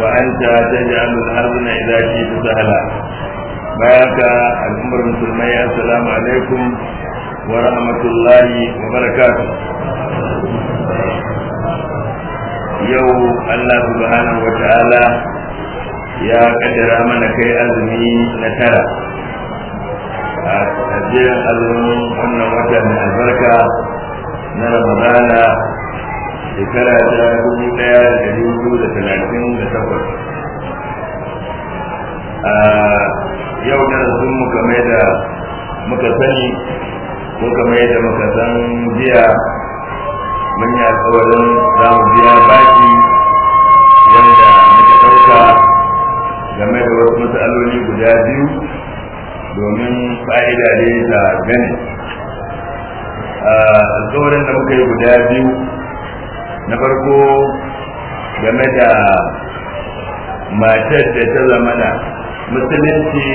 وأنت تجعل الحزن إذا شئت سهلا بارك الأمر المسلمين السلام عليكم ورحمة الله وبركاته يوم الله سبحانه وتعالى ya kaddara mana kai azumi na tara a jiran azumin wannan wata mai albarka na ramadana shekara ta dubu daya da dari da talatin da takwas a yau darasin mu game da muka sani ko game yadda muka san biya mun yi alkawarin za mu biya baki wanda muka ɗauka game da wasu matsaloli guda biyu domin fa'ida ne da gani alkawarin da muka yi guda biyu na farko game da matar da ta zamana musulunci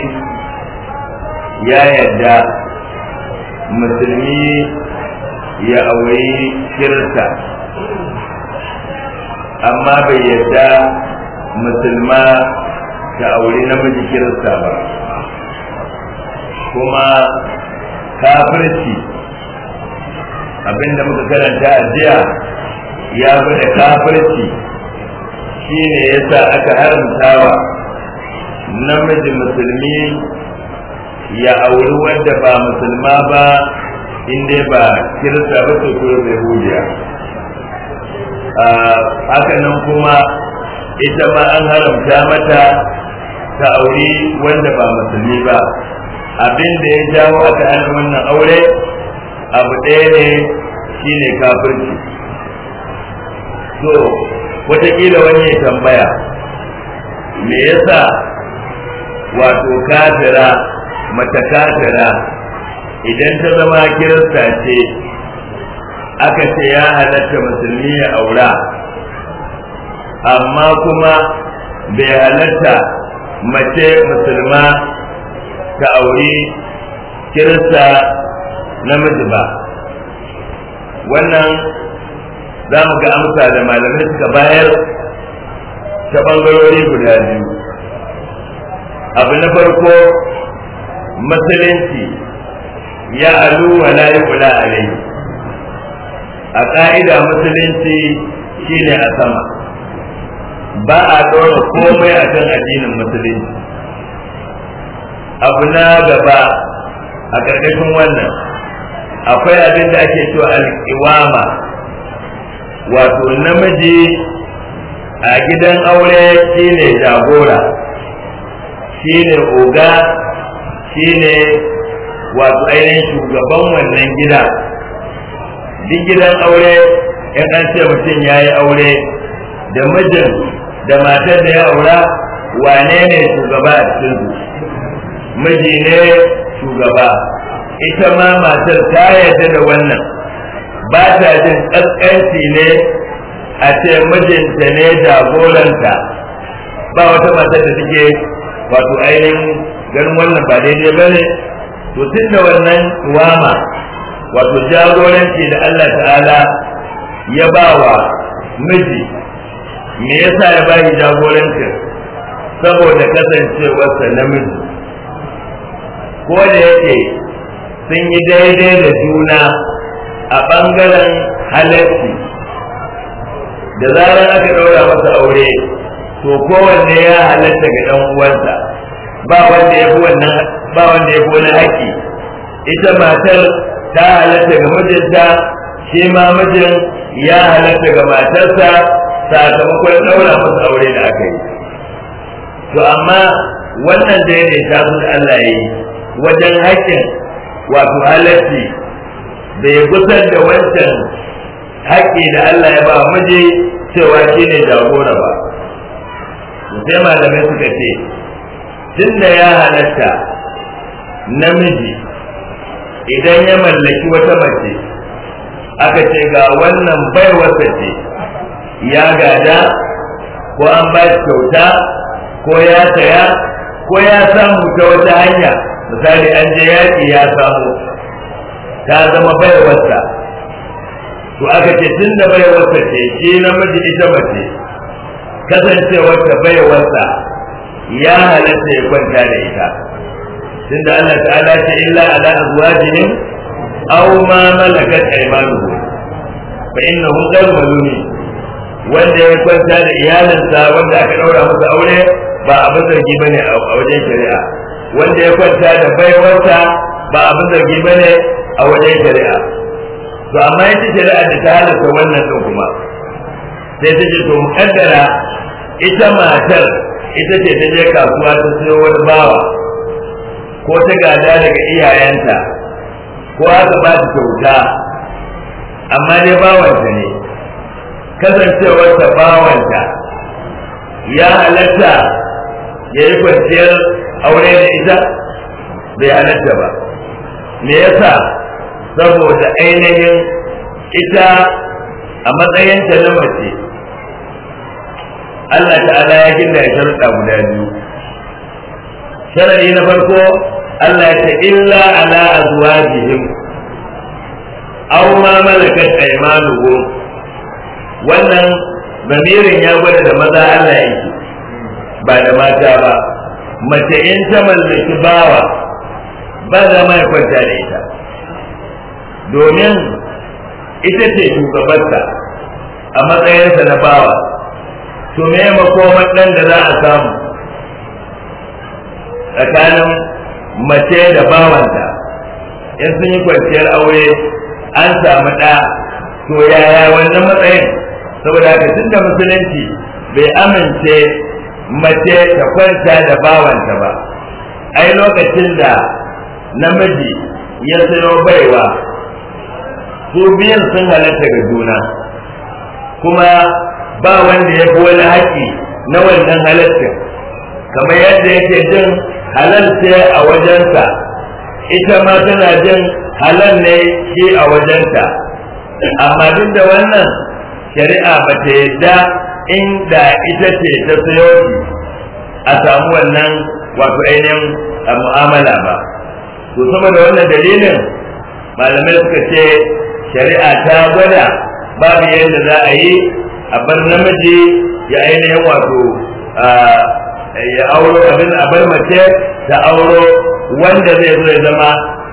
ya yarda musulmi ya auri kirista amma bai yarda musulma ta auri namiji kirista ba kuma kafirci abinda muka karanta a jiya ya bude kafirci shi ne ya sa aka haramtawa namiji musulmi ya auri wadda ba musulma ba inda ba kirista ba ce zai hujiya haka nan kuma ita ma an haramta mata ta auri wanda ba musulmi ba abin da ya jawo aka hana wannan aure abu ɗaya ne shine kafirci to wataƙila wani tambaya me yasa wato kafira mata kafira idan ta zama kirista ce aka ce ya halatta musulmi ya aura amma kuma bai halatta mace musulma ta auri kirista namiji ba wannan za mu ga amsa da malamai suka bayar ta bangarori guda biyu abu na farko musulunci ya alu wa kula a alayhi a ka'ida musulunci ne a sama ba a ɗora komai a kan addinin musulunci abu na gaba a ƙarƙashin wannan akwai abin da ake cewa al'iwama wato namiji a gidan aure shine jagora shine oga shine wato ainihin shugaban wannan gida duk gidan aure in an ce mutum ya yi aure da mijin da matar da ya aura wane ne shugaba a cikin miji ne shugaba ita ma matar ta yarda da wannan ba ta jin ƙasƙanci ne a ce mijinta ne jagoranta ba wata mata da take wato ainihin ganin wannan ba daidai ba ne to tun da wannan tuwama wato jagoranci da Allah ta'ala ya ba wa miji me yasa ya ba shi jagorancin saboda kasancewarsa namiji ko da yake sun yi daidai da juna a ɓangaren halarci da zarar aka ɗaura masa aure to kowanne ya halarta ga ɗan uwansa ba wanda ya fi wannan ba wanda ya fi wani haƙƙi ita matar ta halarta ga mijinta shi ma mijin ya halarta ga matarsa sakamakon ɗaura masa aure da aka yi to amma wannan ya ne ta Allah ya yi wajen haƙƙin wato halarci bai gusar da wancan haƙƙi da Allah ya ba muje cewa shi ne jagora ba sai malamai suka ce tunda ya halatta namiji idan ya mallaki wata mace aka ce ga wannan baiwarsa ce ya gada ko an ba shi kyauta ko ya saya ko ya samu ta wata hanya misali an je yaƙi ya samu ta zama baiwarsa to aka ce tun da baiwarsa ce shi namiji ita mace kasancewar ta baiwarsa ya halatta ya kwanta da ita tun da Allah ta'ala ce illa ala azwajihim aw ma malakat aymanuhum fa innahu ghayru malumin wanda ya kwanta da iyalinsa wanda aka daura masa aure ba abin zargi bane a wajen shari'a wanda ya kwanta da baiwarsa ba abin zargi ne. a wajen shari'a to amma yace shari'a da ta halatta wannan din kuma sai ta ce to mukaddara ita matar ita ce ta je kasuwa ta siyo wani bawa ko ta gada daga iyayenta ko aka ba ta kyauta amma dai bawanta ne kasancewarta bawanta ya halatta ya yi kwanciyar aure da ita bai halatta ba me yasa saboda ainihin ita a matsayinta na mace Allah ta'ala ya gina ya sharuɗa guda biyu sharadi na farko Allah ya ce illa ala azwajihim aw ma malakat aymanuhum wannan zamirin ya gwada da maza Allah ya yi ba da mata ba mace in ta mallaki bawa ba za ma ya kwanta da ita domin ita ce shugabarta a matsayinsa na bawa to me makoman ɗan da za a samu tsakanin mace da bawanta in sun yi kwanciyar aure an samu ɗa to yaya wannan matsayin saboda haka tun da musulunci bai amince mace ta kwanta da bawanta ba ai lokacin da namiji ya sayo baiwa su biyan sun halatta ga juna kuma ba wanda ya fi wani haƙƙi na wannan halatta kamar yadda yake jin halal ce a wajensa ita ma tana jin halal ne shi a wajenta amma duk da wannan shari'a ba ta yadda inda ita ce ta sayo shi a samu wannan wato ainihin mu'amala ba to saboda wannan dalilin malamai suka ce shari'a ta gwada babu yadda za a yi a bar namiji ya ainihin wato ya auro abin a bar mace ta auro wanda zai zo ya zama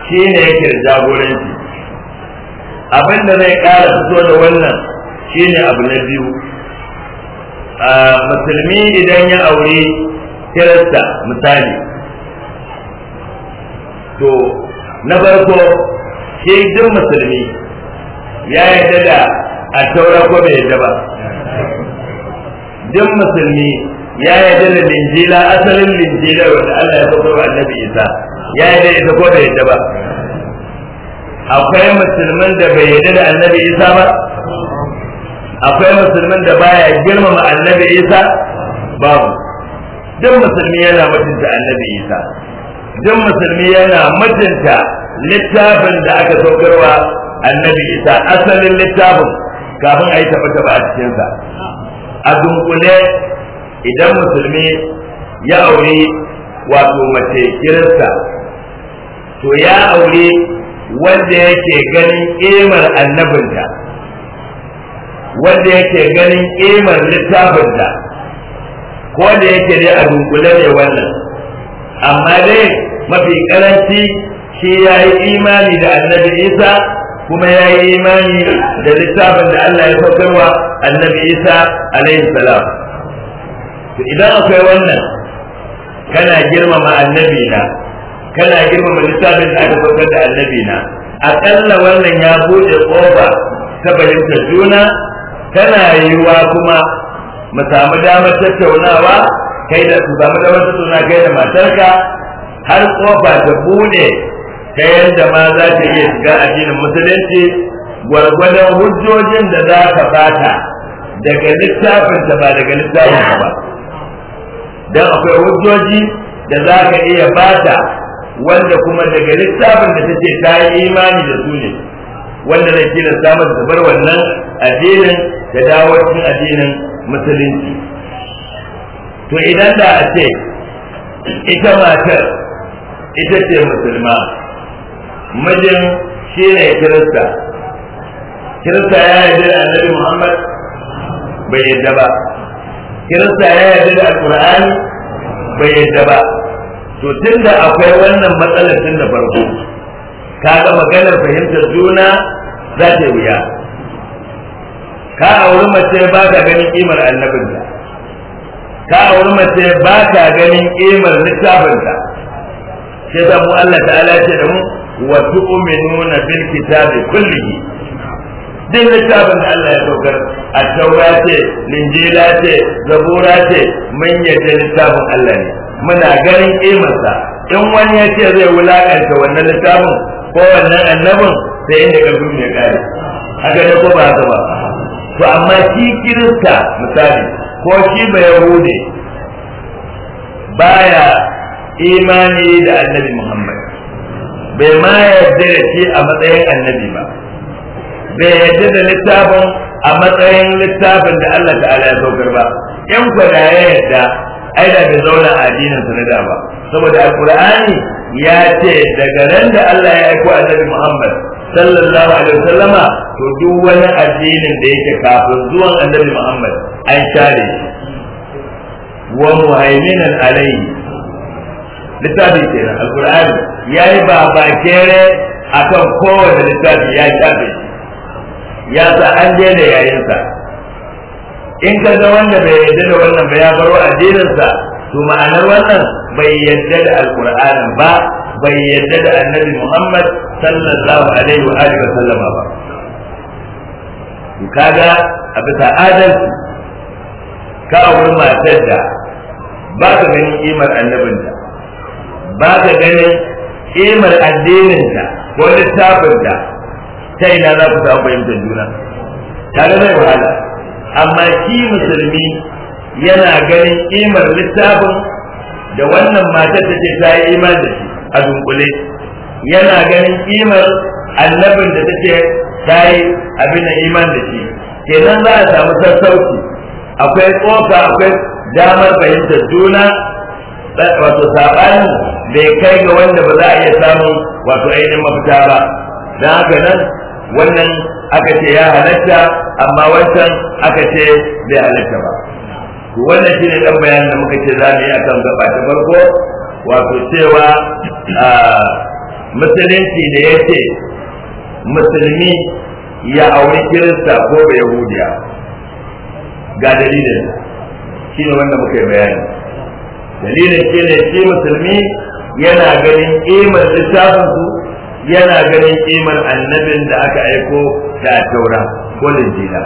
shi ne yake da jagoranci abin da zai ƙara fito da wannan shi ne abu na biyu musulmi idan ya aure kirista misali to na farko shi duk musulmi ya yadda da a taura ko bai yadda ba duk musulmi ya yadda da linjila asalin linjila wanda Allah ya fito wa annabi Isa ya yadda ita ko bai yadda ba akwai musulmin da bai yadda da annabi Isa ba akwai musulmin da baya girmama annabi Isa babu duk musulmi yana mutunta annabi Isa duk musulmi yana mutunta littafin da aka saukarwa annabi isa asalin littafin kafin a yi taɓa taɓa a cikinsa a dunkule idan musulmi ya aure wato mace kirista to ya aure wanda yake ganin imar annabinta wanda yake ganin imar littafinta ko da yake dai a dunkule ne wannan amma dai mafi karanci shi ya yi imani da annabi isa kuma ya yi imani da littafin da Allah ya saukarwa annabi Isa alaihi salam to idan akwai wannan kana girmama annabi na kana girmama littafin da aka saukar da annabi na akalla wannan ya bude kofa ta fahimtar juna tana yiwuwa kuma mu samu damar tattaunawa kai da su samu damar tattaunawa kai da matarka har kofa ta bude ta yadda ma za ta iya shiga addinin musulunci gwargwadon hujjojin da za ka fata daga littafin ba daga littafin ba dan akwai hujjoji da za ka iya fata wanda kuma daga littafin da take ta yi imani da su ne wanda zai da samun da bar wannan addinin da dawo addinin musulunci to idan da a ce ita matar ita ce musulma mijin shi ne kirista kirista ya yarda da annabi muhammad bai yadda ba kirista ya yarda da alkur'ani bai yadda ba to tunda akwai wannan matsalar tun da farko kaga maganar fahimtar juna za ta yi wuya ka auri mace ba ka ganin kimar annabinta ka auri mace ba ka ganin kimar littafinta sai da mu Allah ta'ala ce da mu wa tu'minuna bil kitabi kullihi din littafin da Allah ya saukar a ce linjila ce zabura ce mun yadda littafin Allah ne muna ganin kimarsa in wani ya ce zai wulakanta wannan littafin ko wannan annabin sai inda karfin ya kare haka ne ko ba haka ba to amma shi kirista misali ko shi ba yahude baya imani da annabi Muhammad bai ma yarda da shi a matsayin annabi ba bai yarda da littafin a matsayin littafin da Allah ta'ala ya saukar ba in ku da ya yarda ai da bai zauna a addinin sa na da ba saboda alqur'ani ya ce daga nan da Allah ya aiko annabi Muhammad sallallahu alaihi wasallama to duk wani addinin da yake kafin zuwan annabi Muhammad an share wa muhaiminan alaihi littafin kenan ya yi ba ba kere akan kowane littafi ya shafe ya sa an daina yayinsa in ka ga wanda bai yarda da wannan ba ya a addininsa to ma'anar wannan bai yarda da alkur'ani ba bai yarda da annabi Muhammad sallallahu alaihi wa alihi wa sallama ba kaga a bisa adalci ka wuri matar da ba ka ganin kimar annabinta ba ka ganin kimar ka ko ka ta ina za ku samu fahimtar juna tare mai wahala amma shi musulmi yana ganin kimar littafin da wannan matar ta ce ta yi imani da shi a dunkule yana ganin kimar annabin da ta ce ta yi abin da iman da shi kenan za a samu sassauci akwai tsoka akwai damar fahimtar juna wato sabani bai kai ga wanda ba za a iya samu wato ainihin mafita ba don haka nan wannan aka ce ya halatta amma wancan aka ce bai halatta ba to wannan shine dan bayanin da muka ce za mu yi akan gaba ta farko wato cewa musulunci da ya ce musulmi ya auri kirista ko bai yahudiya ga dalilin shi wanda muka yi bayani dalilin shi ne shi musulmi yana ganin kimar littafin su yana ganin kimar annabin da aka aiko da taura ko linjila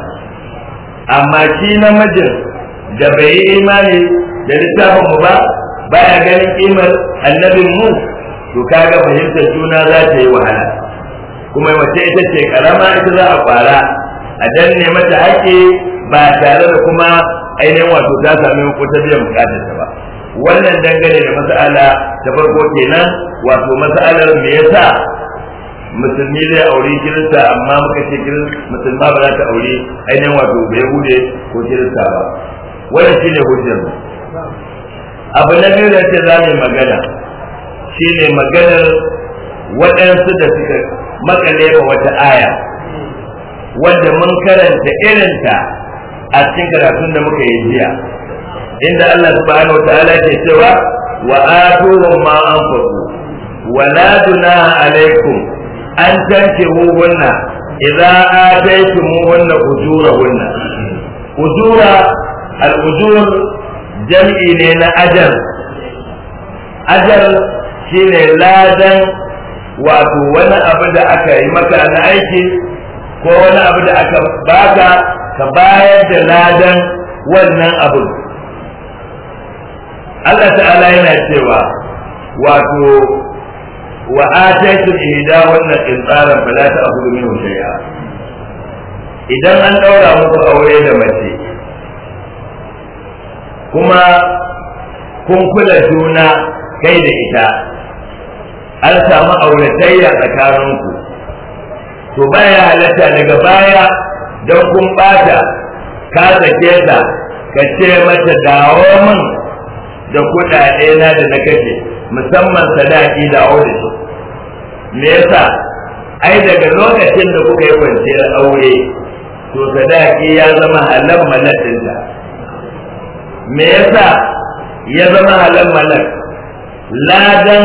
amma shi namijin da bai yi imani da littafin mu ba baya ganin imar annabin mu to kaga fahimtar juna za ta yi wahala kuma mace ita ce karama ita za a fara. a danne mata haƙƙi ba tare da kuma ainihin wato ta sami wata biyan bukatar ta ba wannan dangane da mas'ala ta farko kenan wato mas'alar me yasa musulmi zai aure kirista amma muka ce musulma ba za ta aure ainihin wato bai hude ko kirista ba wannan ne hujjar abu na biyu da ce za mu yi magana shi ne maganar waɗansu da suka makale ba wata aya wanda mun karanta irinta a cikin karatun da muka yi jiya inda Allah subhanahu wataala ke cewa wa atuhum ma anfaqu wa la junaha alaikum an tankihuhunna idza ataytumuhunna ujurahunna ujura al-ujur jam'i ne na ajal ajal shine ladan wato wani abu da aka yi maka na aiki ko wani abu da aka baka ka bayar da ladan wannan abu Allah ta'ala yana cewa wato wa ataitu ihda wannan qintaran fala ta'khudhu minhu shay'a idan an daura muku aure da mace kuma kun kula juna kai da ita an samu auratayya tsakaninku to baya halatta daga baya don kun bata ka sake ta ka ce mata dawo min da kuɗaɗe na da na kashe musamman sadaki da aure su me yasa ai daga lokacin da kuka yi kwanciyar aure to sadaki ya zama halal malak dinta me yasa ya zama halal malak ladan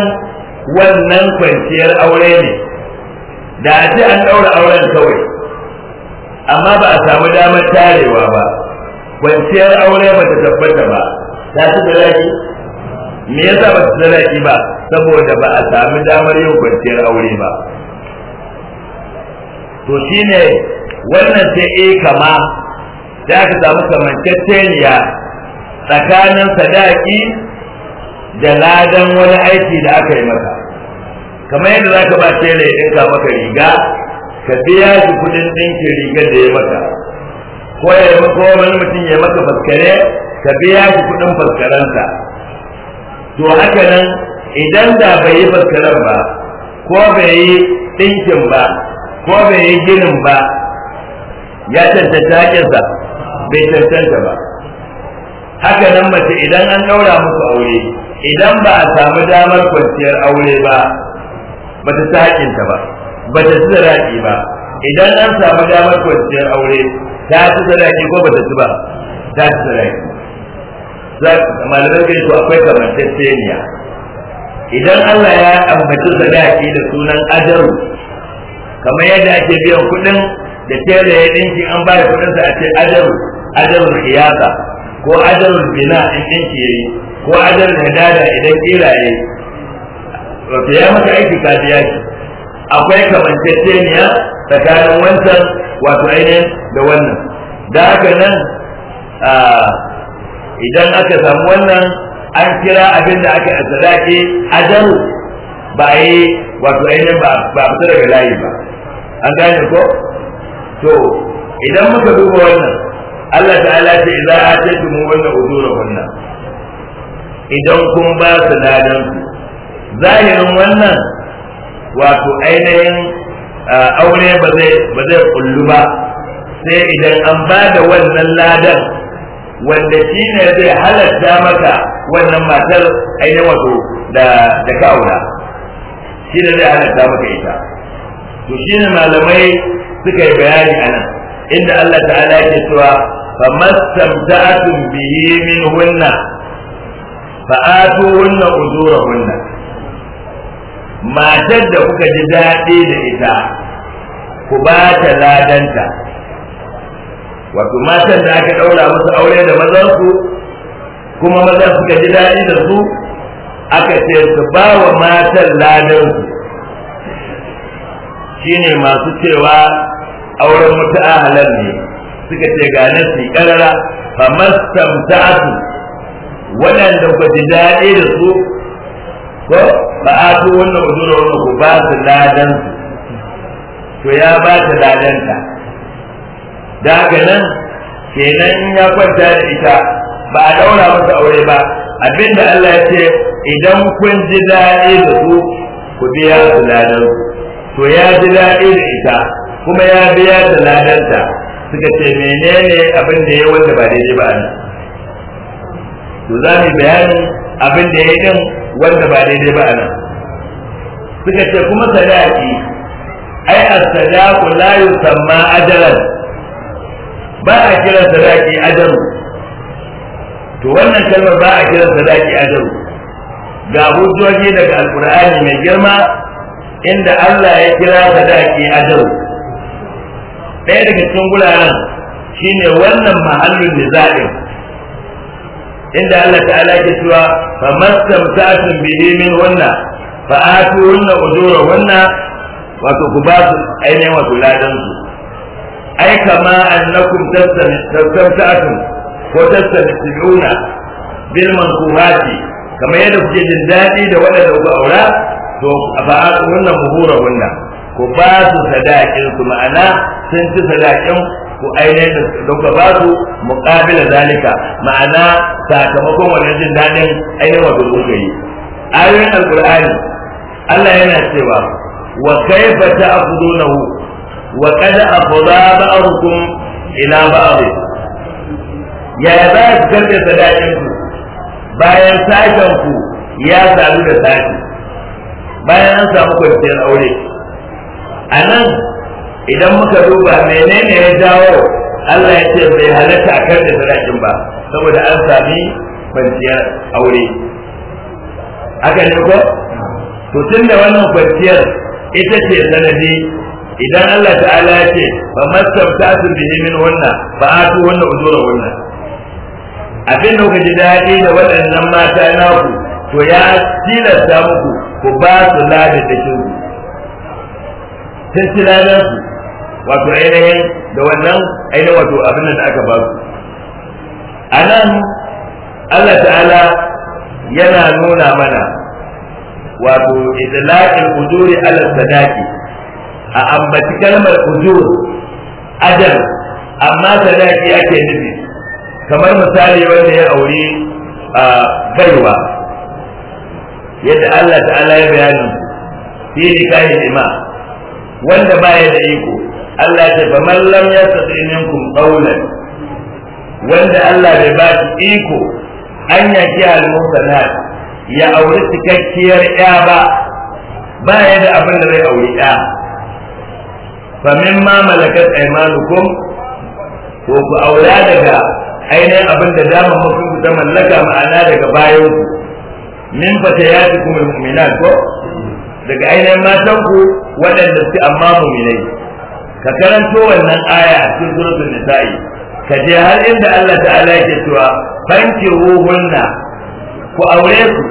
wannan kwanciyar aure ne da a ce an ɗaura auren kawai amma ba a samu damar tarewa ba kwanciyar aure ba ta tabbata ba ta ci sadaki me yasa ba ta sadaki ba saboda ba a sami damar yin kwanciyar aure ba to shine wannan ce e eh kama da aka samu kamanceceniya tsakanin sadaki da ladan wani aiki da aka yi maka kamar yadda za ka ba tele ya ɗinka maka riga ka biya shi kudin ɗinkin rigar da ya maka ko ya yi ko wani mutum ya maka faskare ka biya shi kuɗin faskaransa to haka nan idan da bai yi faskaran ba ko bai yi ɗinkin ba ko bai yi ginin ba ya cancanta hakinsa bai cancanta ba haka nan mace idan an ɗaura musu aure idan ba a samu damar kwanciyar aure ba ba ta hakinta ba ba ta ci ba idan an samu damar kwanciyar aure ta ci sadaki ko ba ta ci ba ta ci malamai kai to akwai kamanceceniya idan Allah ya ambaci sadaki da sunan ajaru kamar yadda ake biyan kuɗin da da ya dinki an ba da kuɗinsa a ce ajaru ajaru iyaka ko ajaru bina in dinki yayi ko ajaru hadada idan kira yayi wato ya maka aiki kadiya akwai kamar akwai kamanceceniya tsakanin wancan wato ainihin da wannan da haka nan idan aka samu wannan an kira abin da aka sadaki ajaru ba a yi wato ainihin ba fita daga layi ba an gane ko to idan muka duba wannan Allah ta'ala ce idza ataytumu wannan uzura wannan idan kun ba su ladan zahirin wannan wato ainihin aure ba zai ba zai kullu ba sai idan an ba da wannan ladan wanda shi ne zai halatta maka wannan matar ainihin wato da da shi ne zai halatta maka ita to shi ne malamai suka yi bayani a nan inda Allah ta'ala yake cewa fa mastamta'atun bihi min hunna fa atuhunna ujurahunna matar da kuka ji daɗi da ita ku ba ta ladanta wato matan da aka ɗaura musu aure da mazansu kuma mazan suka ji daɗi da su aka ce su ba wa matan ladansu ne masu cewa auren wata ahalar ne suka ce ga nasi karara su waɗanda ku ji daɗi da su ko ba a to wannan ujura wannan ku ba su ladan to ya ba ta ladan ta daga nan kenan ya kwanta da ita ba a daura masa aure ba abinda Allah ya ce idan kun ji daɗi da su ku biya su ladan to ya ji daɗi da ita kuma ya biya da ta suka ce menene abin da ya wanda ba daidai ba ne to za mu bayani abin da ya din wanda ba daidai ba nan suka ce kuma sadaki ai as-sadaqu la yusamma ajalan ba a kira sadaki ajalu to wannan kalmar ba a kira sadaki ajalu ga hujjoji daga alqur'ani mai girma inda Allah ya kira sadaki ajalu ɗaya daga cikin guraren shine wannan mahallin da zaɓin inda Allah ta'ala ke cewa fa mastamta'atun bihi min wanna, fa atu hunna ujura wanna, wato ku ba su ainihin wato ladan su ai kama annakum tastamta'atun ko tastamti'una bil mankuhati kamar yadda kuke jin da waɗanda ku aura to fa atu hunna wanna hunna ku ba su sadakin su ma'ana sun ci sadakin ku ainihin da kuka ba su muƙabila zalika ma'ana sakamakon wannan jin daɗin ainihin wato kuka yi ayoyin Alƙur'ani Allah yana cewa wa kaifa ta'khudunahu wa qad afdha ba ila ba'd ya za ku da sadakin ku bayan sashen ku ya sadu da sashi bayan an samu kwanciyar aure a nan idan muka duba menene ya jawo Allah ya ce bai halatta a kan da sadakin ba saboda an sami kwanciyar aure haka ne ko to tun da wannan kwanciyar ita ce sanadi idan Allah ta'ala ya ce fa mastabta'tu bihi min wannan fa atu wannan ujura wannan abin da kuka ji daɗi da waɗannan mata naku to ya tilasta muku ku ba su da ku sun ci ladansu wato ainihin da wannan ainihin wato abin da aka ba su a nan Allah ta'ala yana nuna mana wato idlaqil ujuri ala sadaqi a ambaci kalmar ujur ajal amma sadaqi ake nufi kamar misali wanda ya aure a gaiwa. yadda Allah ta'ala ya bayani fi nikahi ima wanda baya da iko Allah ya ce fa man lam yastati minkum qawlan wanda Allah bai ba shi iko an ki al-musanat ya auri cikakkiyar ya ba ba ya da abin da zai auri ya fa ma malakat aymanukum ko ku aura daga ainihin abin da dama mutum ku ta mallaka ma'ana daga bayan ku min fata ya ci kuma mu'minat ko daga ainihin matan ku waɗanda su amma mu'minai ka karanto wannan aya cikin suratul nisa'i ka je har inda Allah ta'ala yake cewa ruhunna ku aure su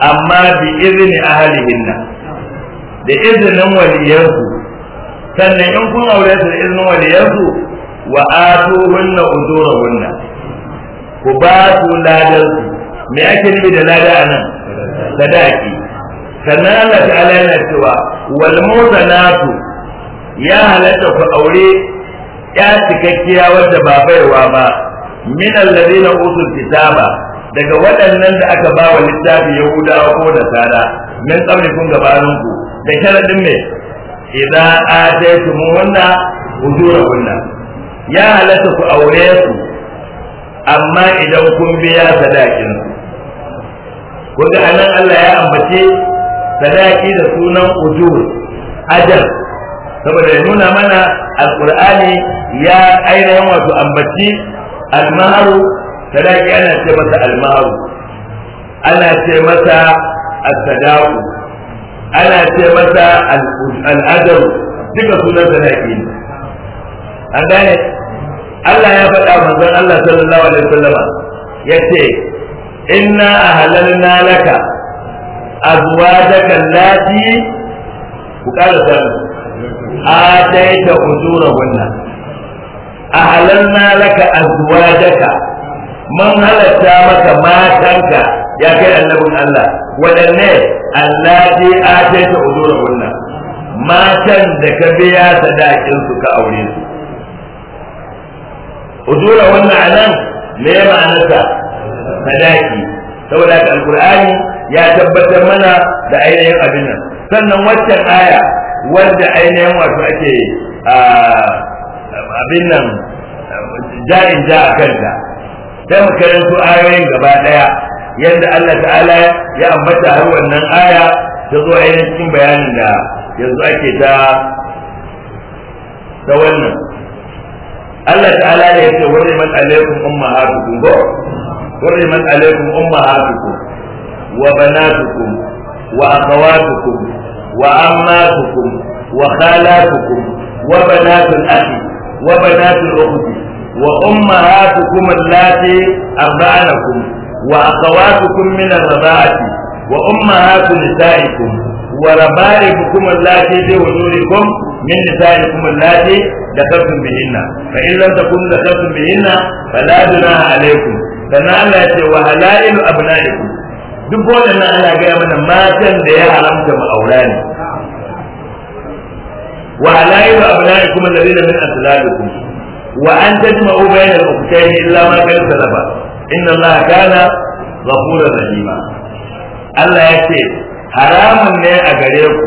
amma bi izni ahlihinna da izinin waliyansu sannan in kun aure su da izinin waliyansu wa atuhunna ujurahunna ku ba su ladan su me ake nufi da lada anan sadaki sannan Allah ta'ala yana cewa wal muzanatu ya halatta ku aure ya cikakkiya wadda ba baiwa ba min alladhina utul kitaba daga waɗannan da aka ba wa littafi yahuda ko da sara min kun gabanin ku da sharadin me idan ataytum wanda huzura kunna ya halatta ku aure su amma idan kun biya sadakin su ga anan Allah ya ambace sadaki da sunan ujur ajal saboda ya nuna mana alqur'ani ya ainihin wato ambaci almaharu sadaki ana ce masa almaharu ana ce masa as ana ce masa al'adar duka sunan sadaki ne an gane Allah ya faɗa manzon Allah sallallahu alaihi wasallam yace inna ahlalna laka azwajaka allati ku ƙara sanin آتيت أجورهن أهلنا لك أزواجك من هلتا مك ما تنك يا كي النبي الله ولنه التي آتيت أجورهن ما تندك بيا سداكنسك ka aure su wannan anan me ma'anarsa sadaki saboda ka alqur'ani ya tabbatar mana da ainihin abin nan sannan waccan aya wanda ainihin wato ake abin nan ja'in ja a kanta sai mu karanto ayoyin gaba daya yadda Allah ta'ala ya ambata har wannan aya ta zo ainihin cikin bayanin da yanzu ake ta ta wannan Allah ta'ala ne ya ce wani man alaikum ummahatukum ko wani umma alaikum ummahatukum wa banatukum wa akhawatukum وعماتكم وخالاتكم وبنات الأخ وبنات الأخت وأمهاتكم اللاتي أرضعنكم وأخواتكم من الرضاعة وأمهات نسائكم وربائبكم اللاتي في وجودكم من نسائكم اللاتي ذكرتم بهن فإن لم تكونوا ذكرتم بهن فلا جناح عليكم فنعلت وهلائل أبنائكم duk bolan nan ana gaya mana matan da ya haramta mu aura ne wa halayi ba abu na'i kuma da rina min asalalikum wa an tajma'u bayan al-ukutayn illa ma kan salaba inna Allah kana ghafurur rahima Allah ya ce haramun ne a gare ku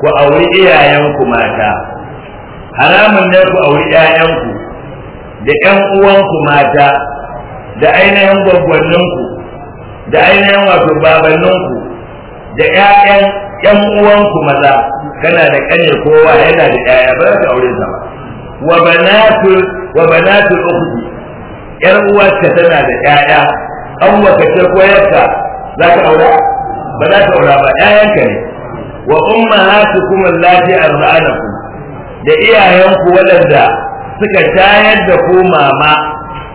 ku auri iyayenku mata haramun ne ku auri 'ya'yanku da 'yan uwanku mata da ainihin gwaggwanninku da ainihin wato babanninku da 'ya'yan 'yan uwanku maza kana da kanye kowa yana da 'ya'ya ba za ka aure sa ba wa banatu wa banatu ukhti yar uwarka tana da 'ya'ya kanwarka ce koyarka, za ka aura ba za ka aura ba 'ya'yanka ne wa ummahatukum allati arda'anakum da iyayenku waɗanda suka tayar da ku mama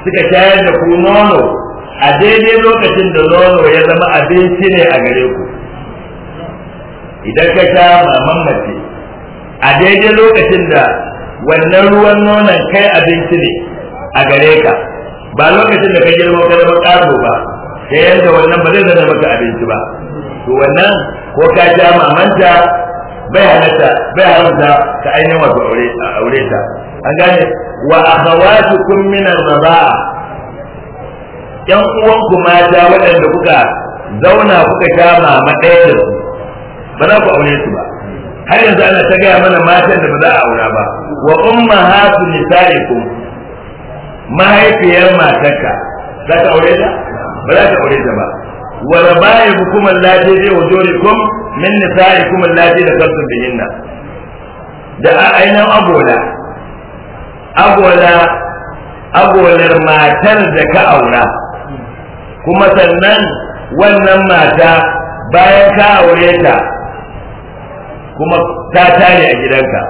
suka tayar da ku nono a daidai lokacin da nono ya zama abinci ne a gare ku idan ka sha maman mace a daidai lokacin da wannan ruwan nonon kai abinci ne a gare ka ba lokacin da ka girma ka zama ƙaro ba ta yadda wannan ba zai zama maka abinci ba to wannan ko ka sha mamanta bai halatta bai halatta ka ainihin wato aure ta an gane wa akhawatukum min ar-raba'a yan uwanku mata waɗanda kuka zauna kuka sha mama ɗaya da su ba za ku aure su ba har yanzu ana ta gaya mana matan da ba za a aura ba wa umma hatu ku mahaifiyar matarka za ka aure ta ba za ka aure ta ba wa zai wa jori wujurikum min nisaikum allati dakaltum bihinna da a ainihin abola abola abolar matar da ka aura kuma sannan wannan mata bayan ka aure ta kuma ta tare a gidanka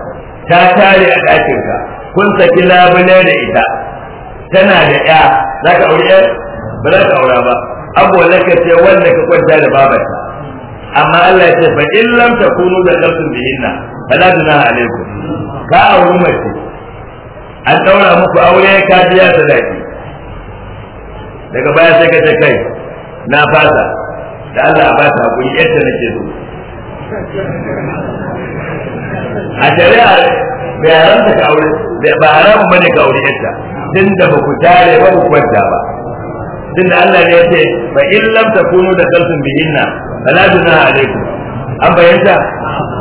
ta tare a ɗakinka kun saki labule da ita tana da ya za ka aure ba za ka aura ba abu ka ce wanda ka kwanta da babarta amma Allah ya ce fa in lam takunu da qalbin bihinna fala dunaha alaikum ka aure mace an daura muku aure ka biya sadaki daga baya sai ka ce kai na fasa da Allah a bata ku yadda nake so a shari'a bai haramta ka aure ba haramun bane ka aure yadda tun da ba ku tare ba ku kwanta ba tun da Allah ne ya ce fa in lam takunu da kalsun bihinna fala junaha alaikum an bayyanta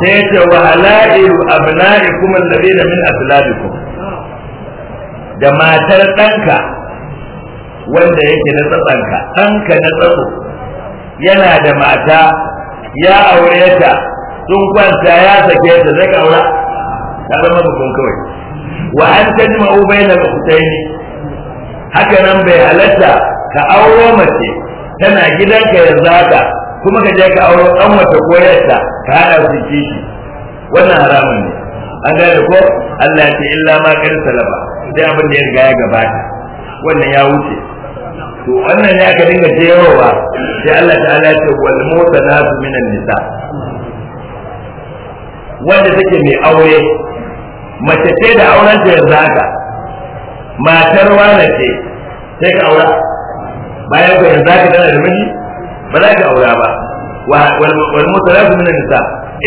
sai ya ce wa halailu abna'ikum alladhina min asladikum da matar danka wanda yake na tsatsanka ɗanka na tsatso yana da mata ya aure ta sun kwanta ya sake ta zai kaura ta zama babban kawai wa an na kusai ne. haka nan bai halatta ka auro mace tana gidanka yanzu haka kuma ka je ka auro ɗan wata koyarta ka haɗa su kishi wannan haramun ne an gane ko Allah ya ce illa ma kar salaba sai abin da ya riga ya gabata wannan ya wuce to wannan ya ka dinga jerowa sai Allah ta'ala ya ce wal mutanatu minan nisa wanda take mai aure mace ce da auren ta yanzu haka matar wani ce sai ka aura bayan ka yanzu haka tana da miji ba za ka aura ba wal mutanatu minan nisa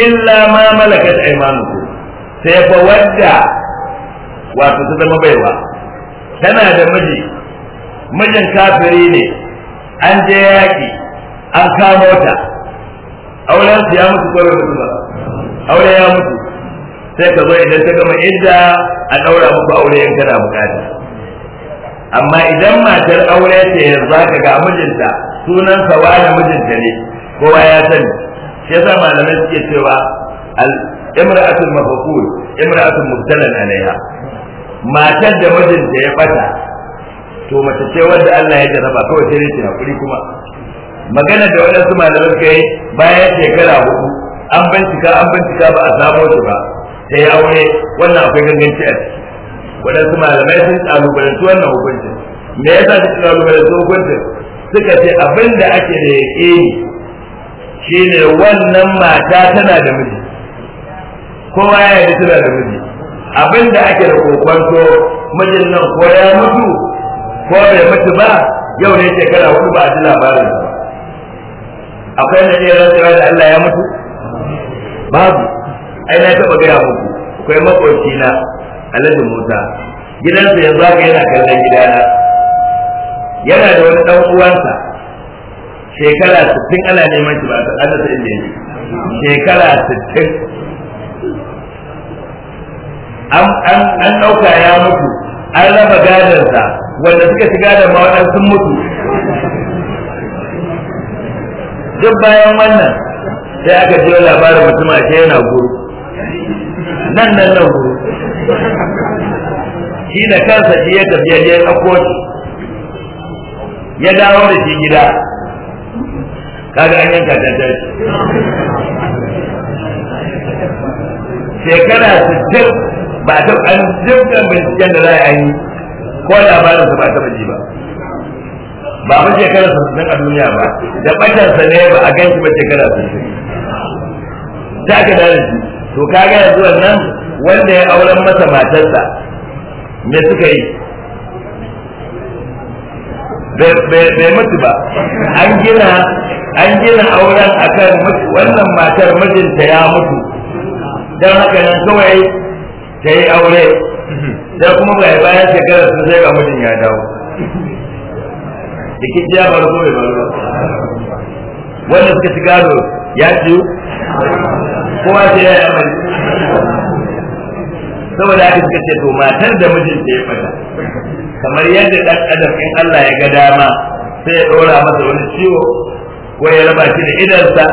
illa ma malakat aymanukum sai fa wadda wato ta zama baiwa tana da miji mijin kafiri ne an je yaƙi an kama ta auren su ya mutu kwarar su ba aure ya mutu sai ka zo idan ta gama inda a ɗaura muku aure yanka kana bukata amma idan matar aure ce za ka ga mijinta sunan sa wani mijinta ne kowa ya sani shi yasa malamai suke cewa imra'atul mafaqul imra'atul mubtalan alaiha matar da mijinta ya bata to mace ce wanda Allah ya jaraba kawai sai yake hakuri kuma magana da wadansu malamai malamin kai bayan shekara hudu an bincika an bincika ba a samu shi ba sai aure wannan akwai ganganci a ciki wadansu malamai sun kalubalanci wannan hukuncin me yasa suka kalubalanci hukuncin suka ce abin da ake da yake shi ne wannan mata tana da miji kowa ya yi tana da miji abin da ake da kokonto mijin nan ko ya mutu ko bai mutu ba yau ne shekara hudu ba a ji labarin ba akwai wanda zai rantsuwa da Allah ya mutu babu ai na taɓa gaya muku akwai makoci na alaji mota gidansa yanzu haka yana kallon gidana yana da wani ɗan uwansa shekara sittin ana neman shi ba a san da inda yake shekara sittin an ɗauka ya mutu an raba gadonsa wanda suka shiga da mawaɗan sun mutu duk bayan wannan sai aka jiyo labarin mutum a ce yana guru nan nan nan guru shi da kansa shi ya tafi ya je akwai ya dawo da shi gida kaga an yanka shi shekara 60 ba ta an dukkan binciken da za a yi ko labarin sa ba ta ji ba ba mun shekara sassan a duniya ba da ɓatan sa ne ba a gan shi ba shekara sun ta ka dare shi to ka gaya yanzu wannan wanda ya auren masa matarsa me suka yi bai mutu ba an gina an gina auren akan wannan matar mijinta ya mutu don haka nan kawai ta yi aure da kuma bai bayan shekarar sun sai ga mutum ya dawo jikin ya faru ko bai faru wanda suka ci gado ya ciyu kuma sai ya yi amari saboda aka suka ce to matar da ta ya fada kamar yadda ɗan adam in Allah ya ga dama sai ya ɗora masa wani ciwo ko ya raba shi da idansa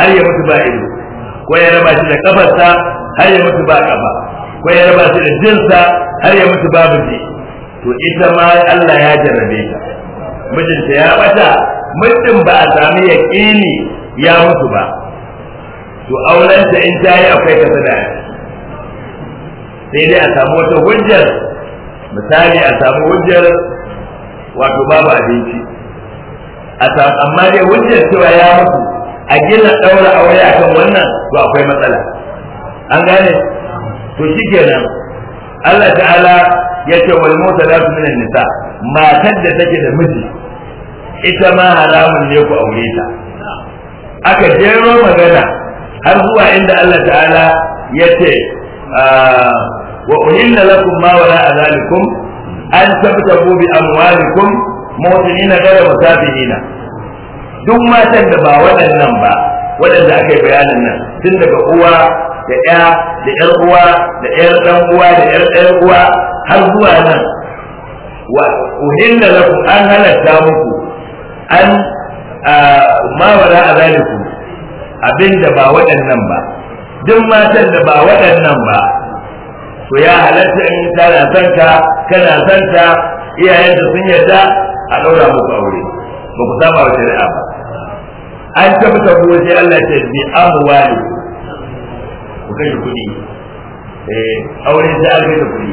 har ya mutu ba ido ko ya raba shi da kafarsa har ya mutu ba kafa ko ya raba shi da jinsa har ya mutu babu ji to ita ma Allah ya jarrabe ta mijinta ya bata mutum ba a sami yaƙini ya mutu ba to ta in ta yi akwai sada sai dai a samu wata hujjar misali a samu hujjar wato babu abinci amma dai hujjar cewa ya mutu a gina ɗaura aure akan wannan to akwai matsala an gane to shi kenan Allah ta'ala ya ce wal mota za su minan nisa matar da take da miji ita ma haramun ne ku aure ta aka jero magana har zuwa inda Allah ta'ala ya ce ah, wa uhinna lakum ma wala azalikum an tabtabu bi amwalikum mu'minina gara musafihina duk matan da ba waɗannan ba waɗanda aka yi bayanin nan tun daga uwa da ɗaya da 'yar uwa da 'yar ɗan uwa da 'yar ɗayar uwa har zuwa nan wa uhilla lakum an halatta muku an ma wala azalikum abinda ba waɗannan ba duk matan da ba waɗannan ba to ya halatta in tana santa kana santa da sun yarda a ɗaura muku aure ba ku saba wa shari'a ba an tabbata ko sai Allah ya ce bi amwalikum ku kashe kuɗi eh auren da aka da kuɗi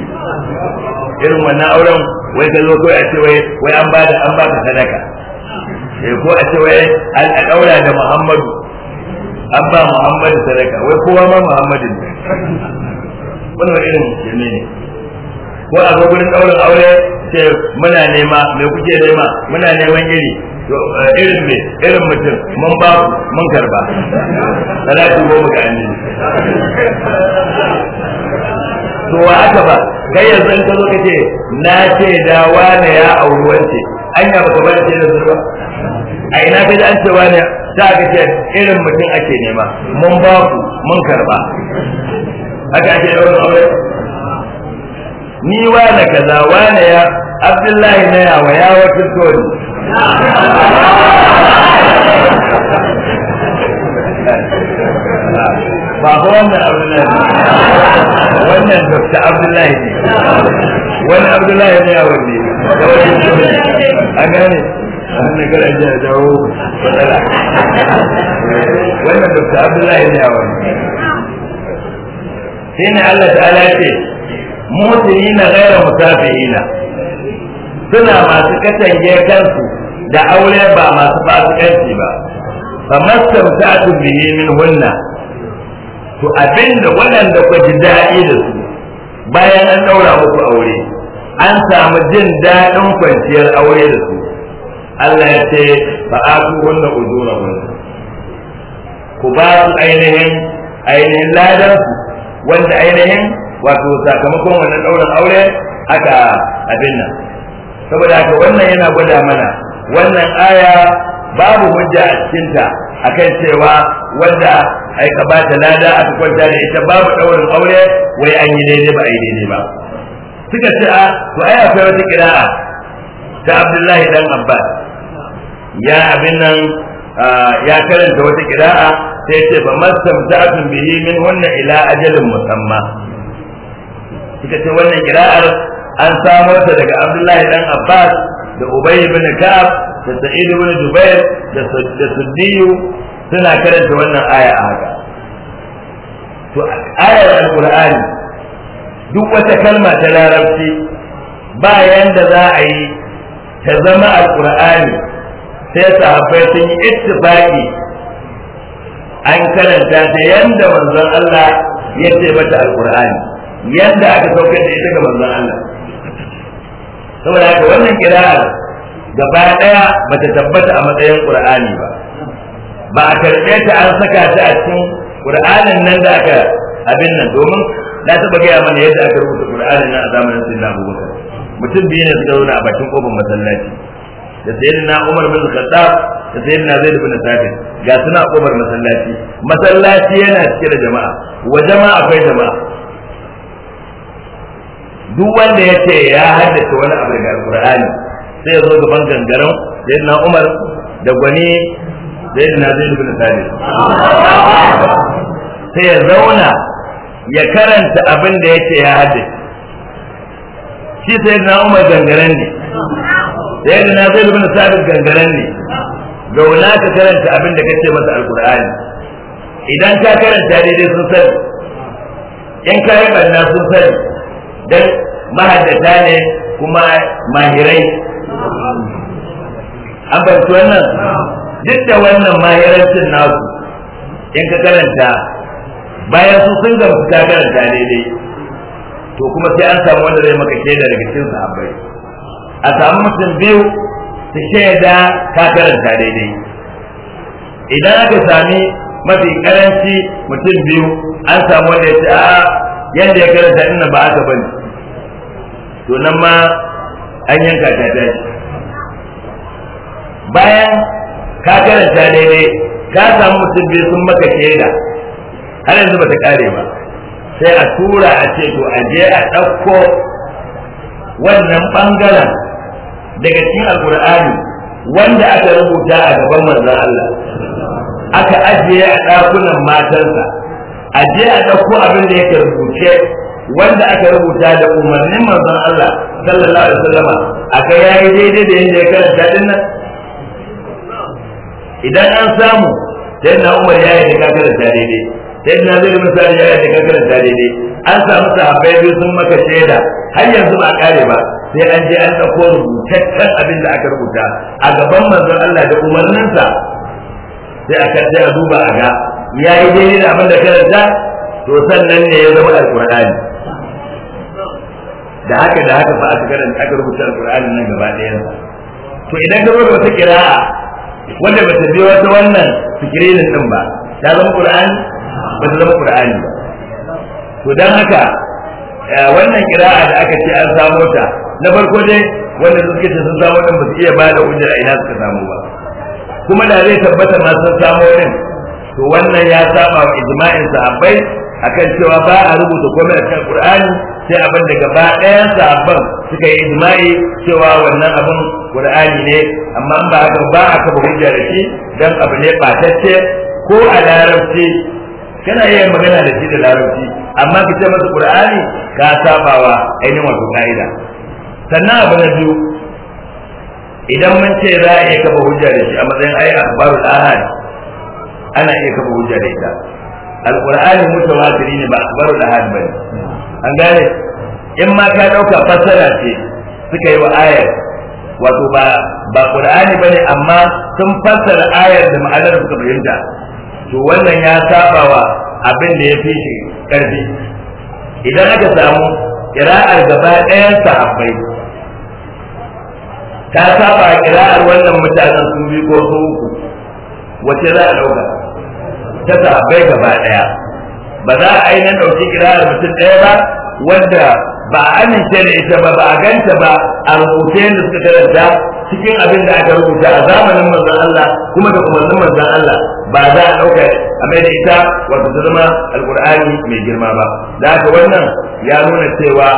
irin wannan auren wai ka zo a ce wai wai an ba da an ba ka sadaka eh ko a ce wai an daura da Muhammadu an ba Muhammadu sadaka wai kowa ma Muhammadu ne wannan irin shirme ne ko a ga gurin daurin aure ce muna nema me kuke nema muna neman iri Eh, irin me irin mutum mun ba mun karba salatu goma ga ni to wa aka ba kai yanzu in ka zo kace na ce da wani ya auri wance an ya baka bari ce da zuwa a ina kai da an ce wani ta ga ce irin mutum ake nema mun ba ku mun karba haka ake da wani aure ni wani kaza wani ya abdullahi na yawa ya wata tori ba ko wannan abdullahi wannan abdullahi ne wani abdullahi ne a da wani a gane na gara ji ina, suna masu katange kansu da aure ba masu fasikanci ba fa mastamta'tu bihi min hunna to abinda wannan ku ji daɗi da su bayan an ɗaura muku aure an samu jin daɗin kwanciyar aure da su Allah ya ce ba a ku wannan ujura ku ba su ainihin ainihin ladan wanda ainihin wato sakamakon wannan ɗaurin aure aka abin nan saboda haka wannan yana gwada mana wannan aya babu hujja a cikinta akan cewa wanda ai ka ba ta lada aka kwanta da ita babu daurin aure wai an yi daidai ba a yi daidai ba suka ce a ah, to ai akwai wata kira'a ta Abdullahi dan Abbas ya abin nan ah, ya karanta wata kira'a sai ce ba mastamta'atun bihi min wannan ila ajalin musamma suka ce wannan kira'ar an samar ta daga Abdullahi dan Abbas da ubay ibn ka'ab da sa'id ibn jubair da da suna karanta wannan aya a haka to ayar alqur'ani duk wata kalma ta larabci ba yanda za a yi ta zama alqur'ani sai sahabbai sun yi ittifaqi an karanta ta yanda manzon Allah ya ce mata alqur'ani yanda aka saukar da ita ga manzon Allah saboda haka wannan kira'ar gaba daya bata tabbata a matsayin qur'ani ba ba a karɓe ta an saka ta a cikin qur'anin nan da aka abin nan domin na taba gaya mana yadda aka rubuta qur'anin nan a zamanin sayyidina abubakar mutum biyu ne suka zauna a bakin kofar masallaci da sayyidina umar bin khattab da sayyidina zaid bin sabit ga suna kofar masallaci masallaci yana cike da jama'a wa jama'a akwai jama'a duk wanda ya ce ya haddace wani abu daga Alƙur'ani, sai ya zo gaban gangaren na umar da gwani na zai ibn thabit sai ya zauna ya karanta abin da ya ce ya haddace shi na umar gangaren ne sai na zai ibn thabit gangaren ne zauna ka karanta abin da kace masa Alƙur'ani. idan ka karanta daidai sun sani in ka yi barna sun sani dan mahaddata ne kuma mahirai an fahimci wannan duk da wannan mahirancin nasu in ka karanta bayan su sun gamsu ta karanta daidai to kuma sai an samu wanda zai maka shaida daga cikin sahabbai a samu mutum biyu su shaida ka karanta daidai idan aka sami mafi karanci mutum biyu an samu wanda ya ce a yadda ya karanta ina ba aka bani to nan ma an yanka ta tashi bayan ka karanta daidai ka samu mutum biyu sun maka shaida har yanzu ba ta kare ba sai a tura a ce to a je a ɗauko wannan ɓangaren daga cikin alkur'ani wanda aka rubuta a gaban manzon Allah aka ajiye a ɗakunan matansa a je a ɗauko abin da yake rubuce wanda aka rubuta da umarnin manzon Allah sallallahu alaihi wasallama aka yayi daidai da yanda ya karanta din nan idan an samu sai na Umar ya yi da karanta daidai sai na zai misali ya yi da karanta daidai an samu sahabbai biyu sun maka shaida har yanzu ba kare ba sai an je an dauko rubutaccen abin da aka rubuta a gaban manzon Allah da umarninsa sai aka sai a duba a ga ya yi daidai da abin da karanta to sannan ne ya zama alqur'ani da haka da haka ba aka karanta aka rubuta alqur'ani nan gaba ɗaya to idan ka rubuta wata qira'a wanda ba ta biyo wata wannan da sun ba ta zama qur'ani ba ta zama qur'ani ba to dan haka wannan qira'a da aka ce an samu ta na farko dai wanda suke ce sun samu wannan ba su iya ba da a ina suka samu ba kuma da zai tabbata ma sun samu din to wannan ya saba wa ijma'in sahabbai akan cewa ba a rubuta komai a cikin qur'ani sai abin da gaba ɗayan sabon suka yi izmai cewa wannan abin ƙur'ani ne amma ba haka ba a kafa da shi dan abu ne batacce ko a larabci kana iya magana da shi da larabci amma ka ce masa qur'ani ka sabawa ainihin wato ka'ida sannan abu na biyu idan mun ce za a iya kafa hujja da shi a matsayin ayi akhbarul ahad ana iya kafa hujja da ita alqur'ani mutawatir ne ba akhbarul ahad ne. an gane in ma ka ɗauka fassara ce suka yi wa ayar wato ba ba qur'ani bane amma sun fassara ayar da ma'anar suka fahimta to wannan ya saba wa abin da ya fi shi karfi idan aka samu kira'ar gaba ɗayan sahabbai ta saba kira'ar wannan mutanen su bi ko su uku wace za a ɗauka ta sahabbai gaba ɗaya ba za a yi nan ɗauki kira'ar mutum ɗaya ba wanda ba a amince da ita ba ba a ganta ba a rubuce da suka karanta cikin abin da aka rubuta a zamanin manzon Allah kuma da umarnin manzon Allah ba za a ɗauka a mai da ita wato ta zama alƙur'ani mai girma ba da haka wannan ya nuna cewa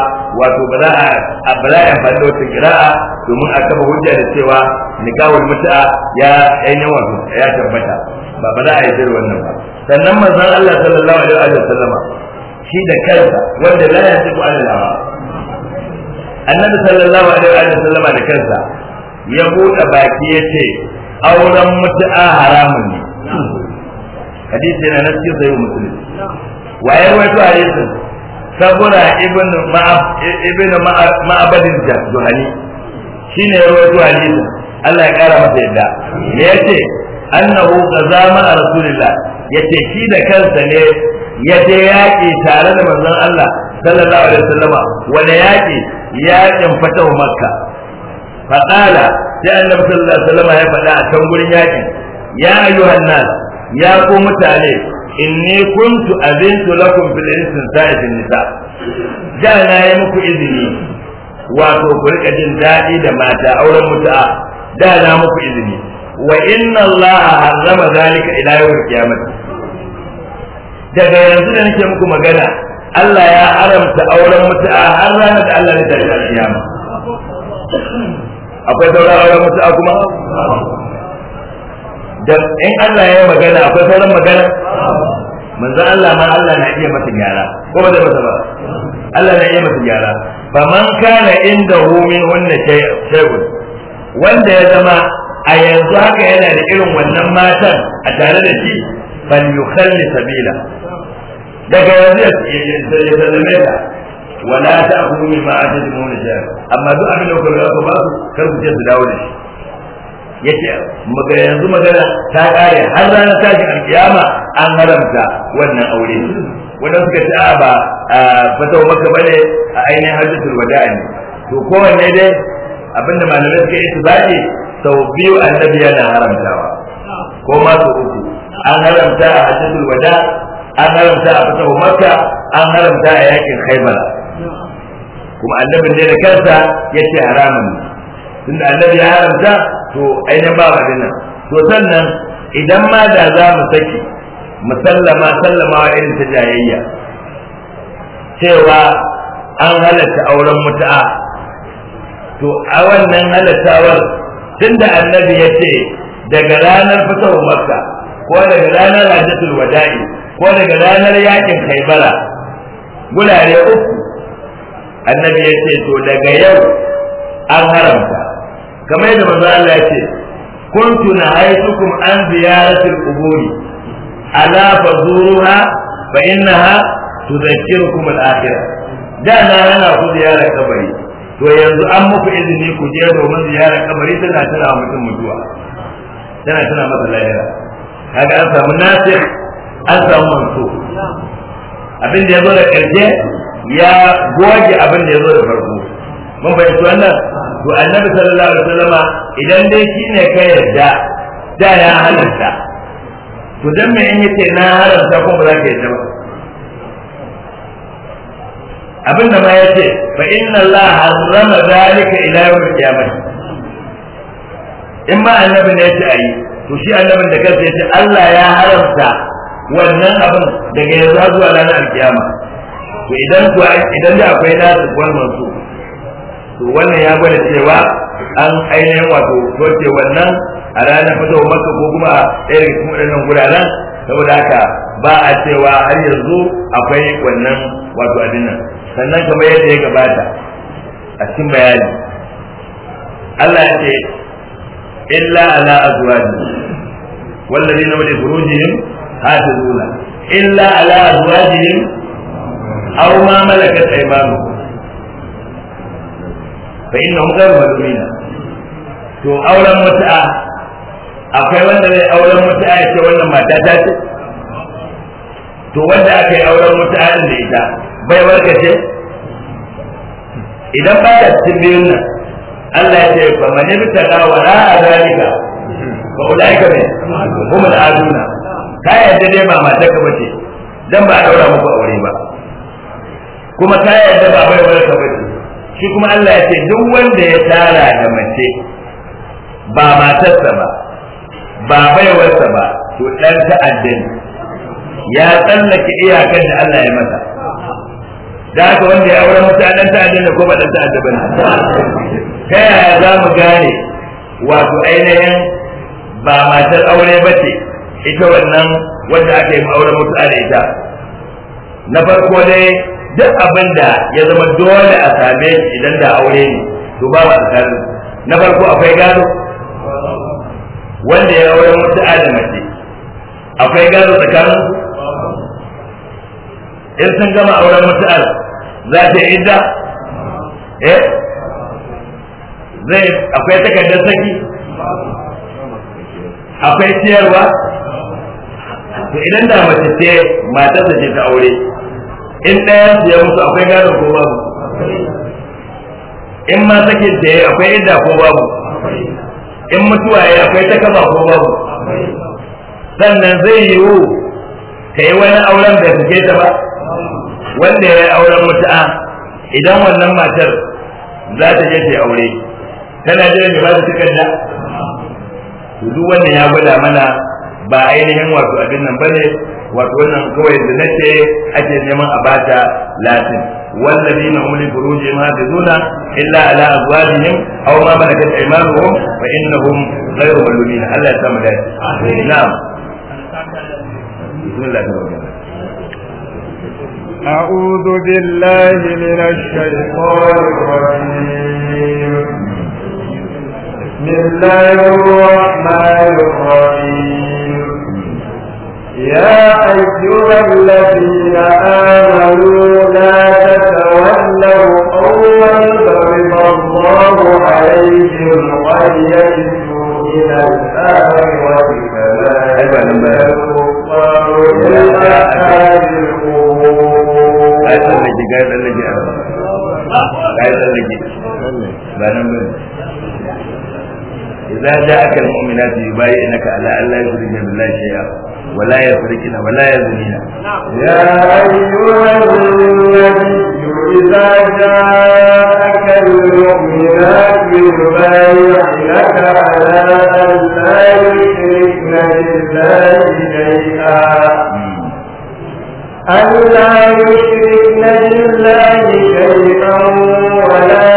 wato ba za a ba za a amfani da wata kira'a domin a kafa hujja da cewa nikawul mutu'a ya yan yawan ya tabbata ba ba za a yi wannan ba sannan manzon Allah sallallahu alaihi wa sallama shi da kansa wanda la yasiku Allah annabi sallallahu alaihi wa sallama da kansa ya buɗe baki ya ce auren mutu'a haramun ne hadisi na nasu sai yi Wa ya wato hadisi saboda ibn ibn ma'abadin jahani shine ya wato hadisi Allah ya kara masa yadda me yace annahu qazama rasulillah yace shi da kansa ne ya je yaƙi tare da manzon Allah sallallahu alaihi yaƙi yaƙin fatahu makka faqala sai annabi sallallahu alaihi wasallama ya faɗa a can gurin yaƙi. ya ayyuhan nas ya ku mutane inni kuntu azintu lakum fil istinsa'i fil nisa da na yi muku izini wato ku rika jin daɗi da mata auren mutu'a da na muku izini wa inna Allah harrama zalika ila yawm qiyamah daga yanzu da nake muku magana Allah ya haramta auren mutu'a har ranar da Allah ya tashi a kiyama akwai sauran auren mutu'a kuma da in Allah ya yi magana akwai sauran magana manzo Allah ma Allah na iya masa gyara ko ba zai masa ba Allah na iya masa gyara fa man kana inda hu min hunna shay'un wanda ya zama a yanzu haka yana da irin wannan matan a tare da shi ban yi kalli sabila daga yanzu ya zame ta wala ta akulu mimma atadimuna jar amma duk abin da kuma ya ba su kar ku ce su dawo da shi yace maga yanzu magana ta kare har ranar tashi alkiyama an haramta wannan aure wanda suka ci a ba fatawa maka bane a ainihin hajjatul wada'a ne to kowanne dai abinda malamai suka yi su zaɓe sau biyu annabi yana haramtawa ko ma su uku an haramta a hajjatul wada an haramta a fatahu makka an haramta a yakin khaybara kuma annabin ne da kansa yace haramun tunda annabi ya haramta to ainihin ba ba dinnan to sannan idan ma da za mu saki musallama sallama wa irin ta jayayya cewa an halatta auren mutu'a to a wannan halattawar tunda annabi ya ce daga ranar fitowar makka ko daga ranar hajjatul wada'i ko daga ranar yakin kaibara gurare uku annabi ya ce to daga yau an haramta kamar yadda manzo Allah ya ce kuntu nahaytukum an ziyaratil quburi ala fazuruha fa innaha tudhakkirukum al-akhirah da na hana ku ziyarar kabari to yanzu an muku izini ku je domin ziyarar kabari tana tana mutum mutuwa tana tana masa lahira kaga an samu nasir an samu manso abin da ya zo da karshe ya goge abin da ya zo da farko mun fahimci wannan to annabi sallallahu alaihi wasallama idan dai shine ka yarda da ya halarta to dan me in yace na halarta kuma ba za ka yarda ba abin da ma ya ce fa inna Allah harrama zalika ila al qiyamah in ma annabi ne ya ce to shi annabin da kansa ya ce Allah ya haramta wannan abin daga yanzu har zuwa ranar alkiyama to idan ku idan da akwai nasu wannan su to wannan ya gwada cewa an ainihin wato soke wannan a ranar fito maka ko kuma a ɗaya kuma cikin waɗannan guraren saboda haka ba a cewa har yanzu akwai wannan wato abin nan sannan kamar yadda ya gabata a cikin bayani Allah ya ce illa ala azwaji والذين هم لفروجهم حافظون إلا على أزواجهم أو ما ملكت أيمانهم فإنهم غير ملومين to auren mutu'a akwai wanda zai auren mutu'a ya ce wannan mata ta ce to wanda aka yi auren mutu'a din da ita bai ka ce idan ba ta cikin biyun nan Allah ya ce ba fa man yabtaga wa zalika ba fa ulaika ne kuma da aduna ka yadda dai ba mata ka bace dan ba daura muku aure ba kuma ka yadda ba bai ka bace shi kuma Allah ya ce duk wanda ya tara da mace ba matarsa ba ba baiwarsa ba to dan addini ya tsallake iyakar da Allah ya masa da haka wanda ya auren mutu a ɗan da ko ba ɗan ta'adda ba ta yaya za mu gane wato ainihin ba matar aure ba ce ita wannan wanda aka yi auren mutu a da ita na farko dai duk abin da ya zama dole a same shi idan da aure ne to ba wa tsakanin na farko akwai gado wanda ya auren mutu a da mace akwai gado tsakanin in sun gama auren mutu'ar za ta yi idda eh zai akwai takardar saki akwai ciyarwa to idan da mace ce matar da ce ta aure in ɗaya su ya musu akwai gado ko babu in ma sakin ta yi akwai idda ko babu in mutuwa ya akwai takaba ko babu sannan zai yiwu ka yi wani auren da suke ta ba wanda ya yi auren mutu'a idan wannan matar za ta je ta yi aure tana jiran da ba ta takarda duk wannan ya gwada mana ba ainihin wato abin nan bane wato wannan kawai da nace ake neman a bata latin والذين هم لفروجهم حافظون الا على ازواجهم او ما ملكت ايمانهم فانهم غير ملومين الله يسامح نعم بسم الله الرحمن الرحيم أعوذ بالله من الشيطان الرجيم بسم الله الرحمن الرحيم يا أيها الذين آمنوا لا تتولوا قوما فرض الله عليهم قد يجدوا إلى الآخرة فلا أيوة، أيوة. يتولوا يا ce ga tsallake a ga ya tsallake ba nan ba إذا جاءك المؤمنات يبايعنك على أن لا يشركن بالله شيئا ولا يسرقن ولا يزنين يا أيها النبي إذا جاءك المؤمنات يبايعنك على أن لا يشركن بالله شيئا ألا يشركن بالله شيئا ولا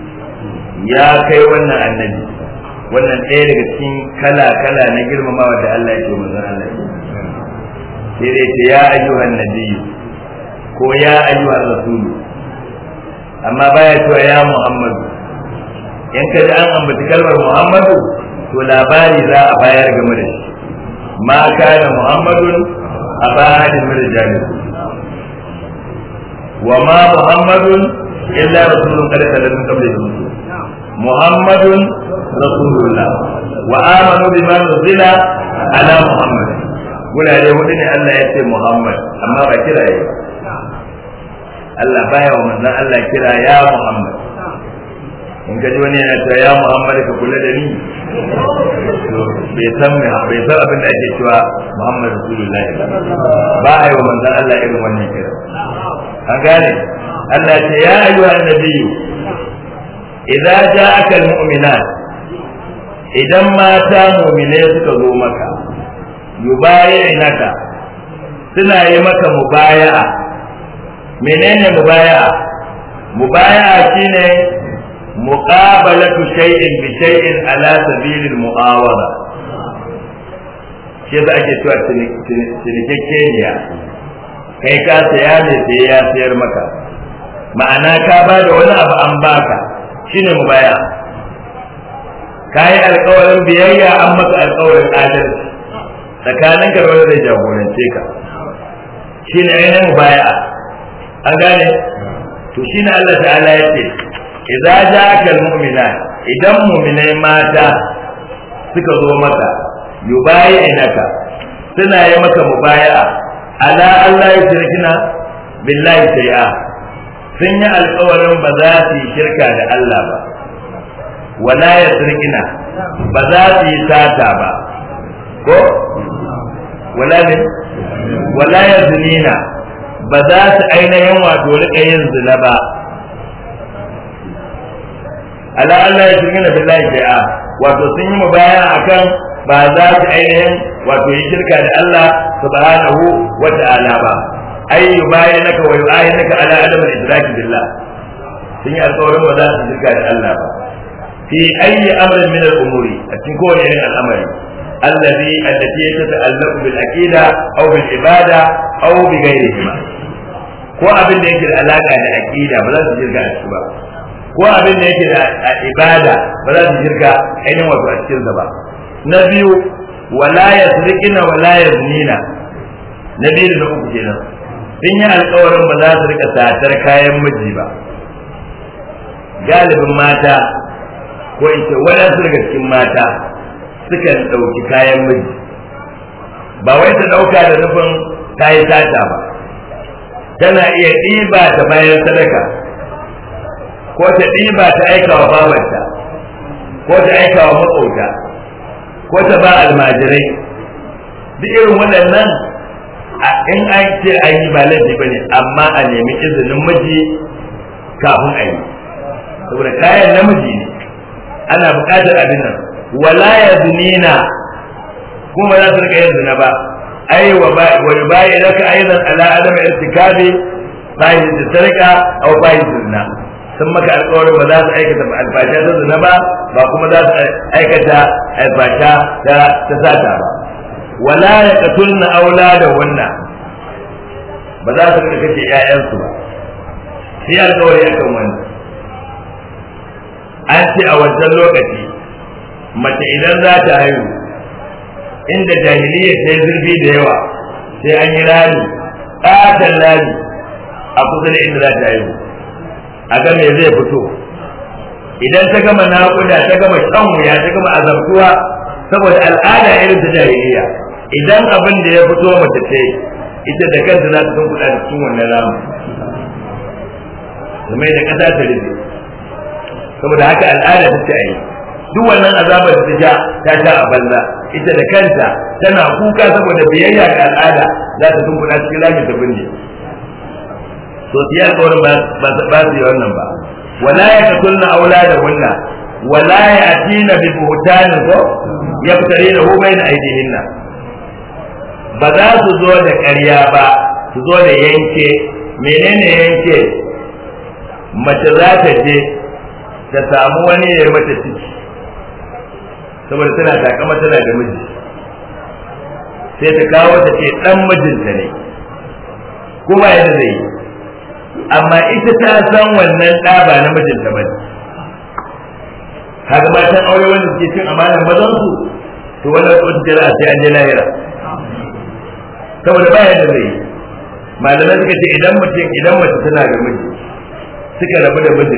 ya kai wannan annabi wannan ɗaya daga cikin kala-kala na girmamawa da Allah ya ce manzon Allah sai dai ce ya ayyuhan annabi ko ya ayyuhan rasulu amma baya cewa ya muhammadu in ka ji an ambaci kalmar muhammadu to labari za a bayar game da shi ma kana muhammadun a bahadin mirjani wa ma muhammadun illa rasulun kada kalmar kabla محمد رسول الله وآمنوا بما نزل على محمد ولا يهودي الله يأتي محمد أما بكرة Allah baya wa manzon Allah kira ya Muhammad in gaji wani yana cewa ya Muhammad kula da ni bai san abin da ake cewa Muhammad Rasulullah ba a yi wa manzon Allah gane Allah ce ya idza ja'aka almu'minat idan mata mu'mine suka zo maka yubayi'naka suna yi maka mubaya'a menene mubaya'a mubaya'a shine muqabalatu shay'in bi shay'in ala sabilil mu'awada shi da ake cewa cinikekeniya kai ka saya ne sai ya sayar maka ma'ana ka ba da wani abu an baka shine mubaya kai alƙawarin biyayya an maka alƙawarin adalci tsakanin ka wanda zai jagorance ka shine mu mubaya an gane to shine Allah ta'ala ya ce idza ja'aka mu'mina idan mu'minai mata suka zo maka yubayi'inaka suna yi maka mubaya'a ala Allah ya shirkina billahi shay'a sun yi alkawarin ba za su yi shirka da Allah ba wala ya sirkina ba za su yi sata ba ko wala ne wala ya zinina ba za su ainihin wato rika yin zina ba ala Allah ya shirkina billahi shay'a wato sun yi a akan ba za su ainihin wato yi shirka da Allah subhanahu wa ta'ala ba ay yubayinaka wa yu'ayinaka ala adam al-idrak billah sun yi alƙawarin ba za su shirka da Allah ba fi ayi amrin min al-umuri a cikin kowane yin al'amari allazi allati tata'allaqu bil aqida aw bil ibada aw bi ghayrihima ko abin da yake da alaka da aqida ba za su shirka da shi ba ko abin da yake da ibada ba za su shirka ainihin wato a cikin ba na biyu wala yasriqina wala yaznina na biyu da uku kenan sun yi alkawarin ba za su rika satar kayan miji ba galibin mata ko in ce su daga cikin mata sukan ɗauki kayan miji ba wai ta ɗauka da nufin ta yi sata ba tana iya ɗiba ta bayan sadaka ko ta ɗiba ta aika wa babanta ko ta aika wa maƙota ko ta ba almajirai duk irin waɗannan in an ce an yi ba laifi ne amma a nemi izinin miji kafin a yi saboda kayan namiji ne ana buƙatar abin nan wala ya zunina kuma za su rika yin zina ba ai wa bayi raka aizan ala adam irtikabi bayin da sarka aw bayin zina sun maka alƙawarin ba za su aikata alfasha ta zina ba ba kuma za su aikata alfasha ta sata ba wala ya katulna wannan, ba za su rika kace ƴaƴansu ba sai alƙawari akan wani. an ce a wancan lokaci mace idan za ta haihu inda jahiliya ta zurfi da yawa sai an yi rami ƙaton rami a kusa da inda za ta haihu a ga me zai fito idan ta gama naƙuda ta gama shan wuya ta gama azabtuwa saboda al'ada irin ta jahiliya idan abin da ya fito mace ce ita da kanta za ta tunkuɗa da cikin wannan ramu kuma da ƙasa ta rufe saboda haka al'ada ta ce a yi duk wannan azabar da ta ja ta sha a banza ita da kanta tana kuka saboda biyayya ga al'ada za ta tunkuɗa cikin ramin ta binne to siya alƙawarin ba su yi wannan ba wala ya ka kunna aula da wannan wala ya atina bi buhutanin ko ya fitare da hu bai da aidihinna ba za su zo da ƙarya ba su zo da yanke menene yanke mace za ta je ta samu wani ya mata ciki saboda tana takama tana da miji sai ta kawo ta ce dan mijinta ne kuma yadda zai yi amma ita ta san wannan ɗa ba na mijinta ba ne ba matan aure wanda suke cin amanar mazansu su to wannan wata jira sai an je lahira saboda baya da zai malamai suka ce idan mutum idan mace tana da miji suka rabu da miji.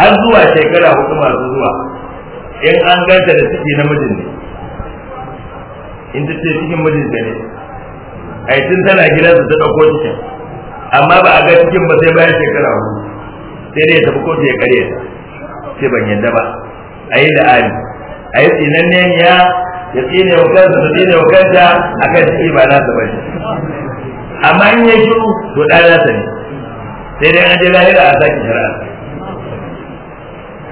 har zuwa shekara hudu masu zuwa in an ganta da ciki na mijin ne in ta ce cikin mijinta ne ai tun tana su ta ɗauko cikin amma ba a ga cikin ba sai bayan shekara hudu sai dai ya tafi kotu ya karye ta sai ban yadda ba a yi la'ani a yi tsinanniyan ya ya tsine wa kansa ta tsine wa kanta kan shi ba nasa ba shi amma in ya shiru to da ya sani. sai dai an je lahira a sake shari'a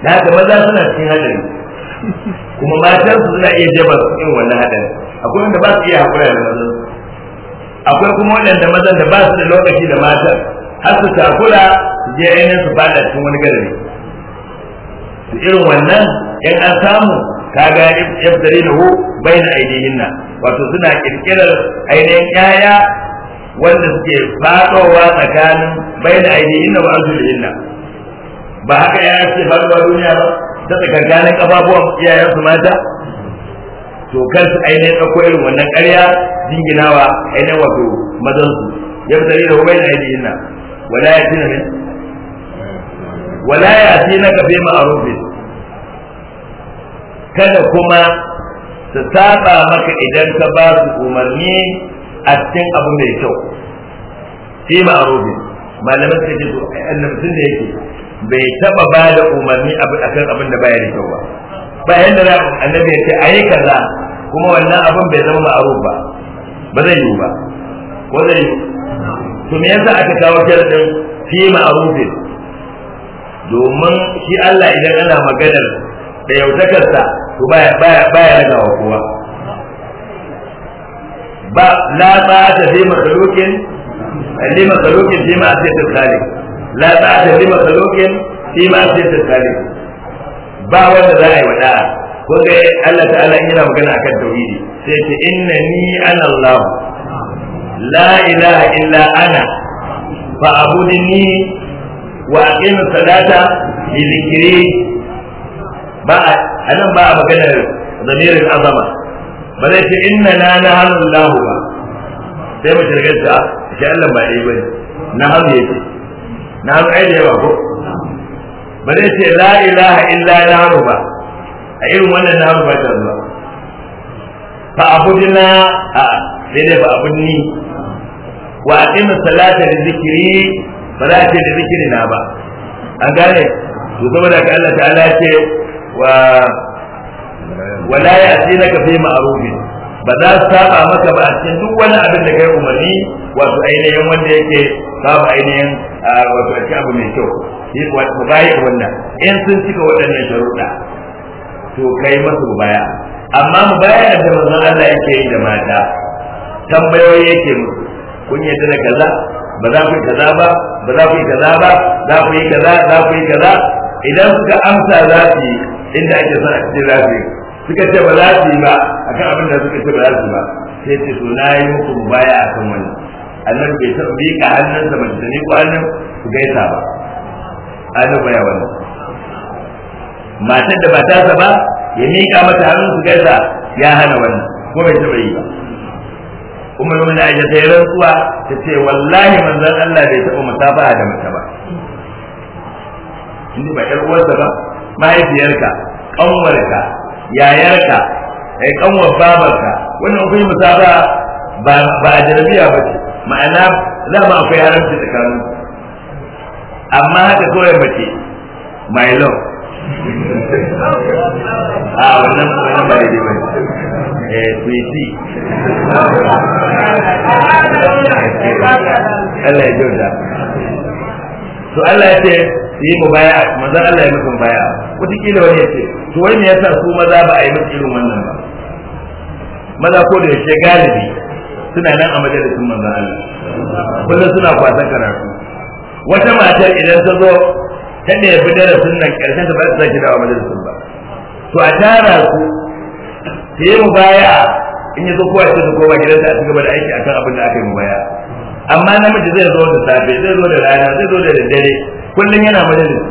da haka maza suna cikin hadari kuma matan su suna iya jaba su cikin wannan hadari akwai wanda ba su iya haƙura da mazan akwai kuma waɗanda mazan da ba su da lokaci da matan har su takura su je ainihin su fada cikin wani gadari irin wannan in an samu kaga na ainihin na, wato suna kirkirar ainihin yaya wanda suke fadowa tsakanin ainihin na wa arjulihinna ba haka ya ce faruwa duniya ba ta tsakankanin kafafuwan iyayen su mata to kan su ainihin ɗauko irin wannan ƙarya jinginawa ainihin wato mazan su na ainihin na, wala yatina min wala yatina ka bi ma'rufin kada kuma su saba maka idan ka ba su umarni a cikin abu mai kyau shi ma'arufi malamin ka ji to annabtun da yake bai taba ba da umarni a kan abin da baya da kyau ba Ba bayan da annabi ya ce a yi kaza kuma wannan abin bai zama ma'aru ba ba zai yiwu ba ko zai yiwu to me yasa aka kawo sharadin fi ma'arufin domin shi Allah idan ana maganar da yautakarsa to baya baya baya daga kowa ba la ba ta fi makhluqin fi ma sai tsali la ba ta fi fi ma sai ba wanda za a yi wada ko ga Allah ta'ala yana magana akan tauhidi sai ce innani ana Allah la ilaha illa ana fa abudni wa aqim salata li dhikri ba a ba a maganar zamirin azama ba zai ce inna na na hannun lahu ba sai mashirgar ta ah, shi Allah ba ɗaya bane na hannu ya ce na hannu ai da yawa ko ba zai ce la ilaha illa na hannu ba a irin wannan na hannu ba ta zuwa fa abudina a ah, sai dai fa abudni wa aqim salata li zikri ba za ce da zikri na ba an gane to saboda ka Allah ta'ala ce wa wala ya'tinaka fi ma'rufin ba za su saba maka ba a cikin duk wani abin da kai umarni wato ainihin wanda yake babu ainihin wato a cikin abu mai kyau wato baya wannan in sun cika waɗannan sharuɗa to kai masu baya amma mu baya da manzon Allah yake yi da mata tambayoyi yake musu kun yadda da kaza ba za ku yi kaza ba ba za ku yi kaza ba za ku yi kaza za ku yi kaza idan suka amsa za su yi inda ake sa a cikin rafi suka ce ba za su yi ba akan abin da suka ce ba za su yi ba sai ce su na yi muku baya akan wani annan bai taɓa miƙa hannun ba da ne ko hannun su gaisa ba annabi baya wani. matar da ba ta ba ya miƙa mata hannun su gaisa ya hana wani, ko bai taɓa yi ba umar wani aisha ta yi rantsuwa ta ce wallahi manzon Allah bai taɓa musafaha da mace ba inda ba ƴar uwarsa ba mahaifiyarka ƙanwarka, yayarka ai eh, ƙanwar babarka wannan kun yi musaba ba ba jarabiya ba ce ma'ana za mu akwai haramci tsakanin amma haka kawai mace my love a ah, wannan wannan ba daidai bane eh Allah ya jauda to Allah ya ce su yi baya maza Allah ya mutum baya wata kila wani ya ce to wai me yasa su maza ba a yi mutum irin wannan ba maza ko da yake galibi suna nan a sun manzo Allah kullum suna kwasan karatu wata matar idan ta zo ta ne fi darasin nan karshen ta ba ta sake dawo sun ba to a tara su ta yi baya in ya zo kowa ta koma gidansa a cigaba da aiki akan abin da aka yi baya. amma namiji zai zo da safe zai zo da rana zai zo da daddare kullum yana madadin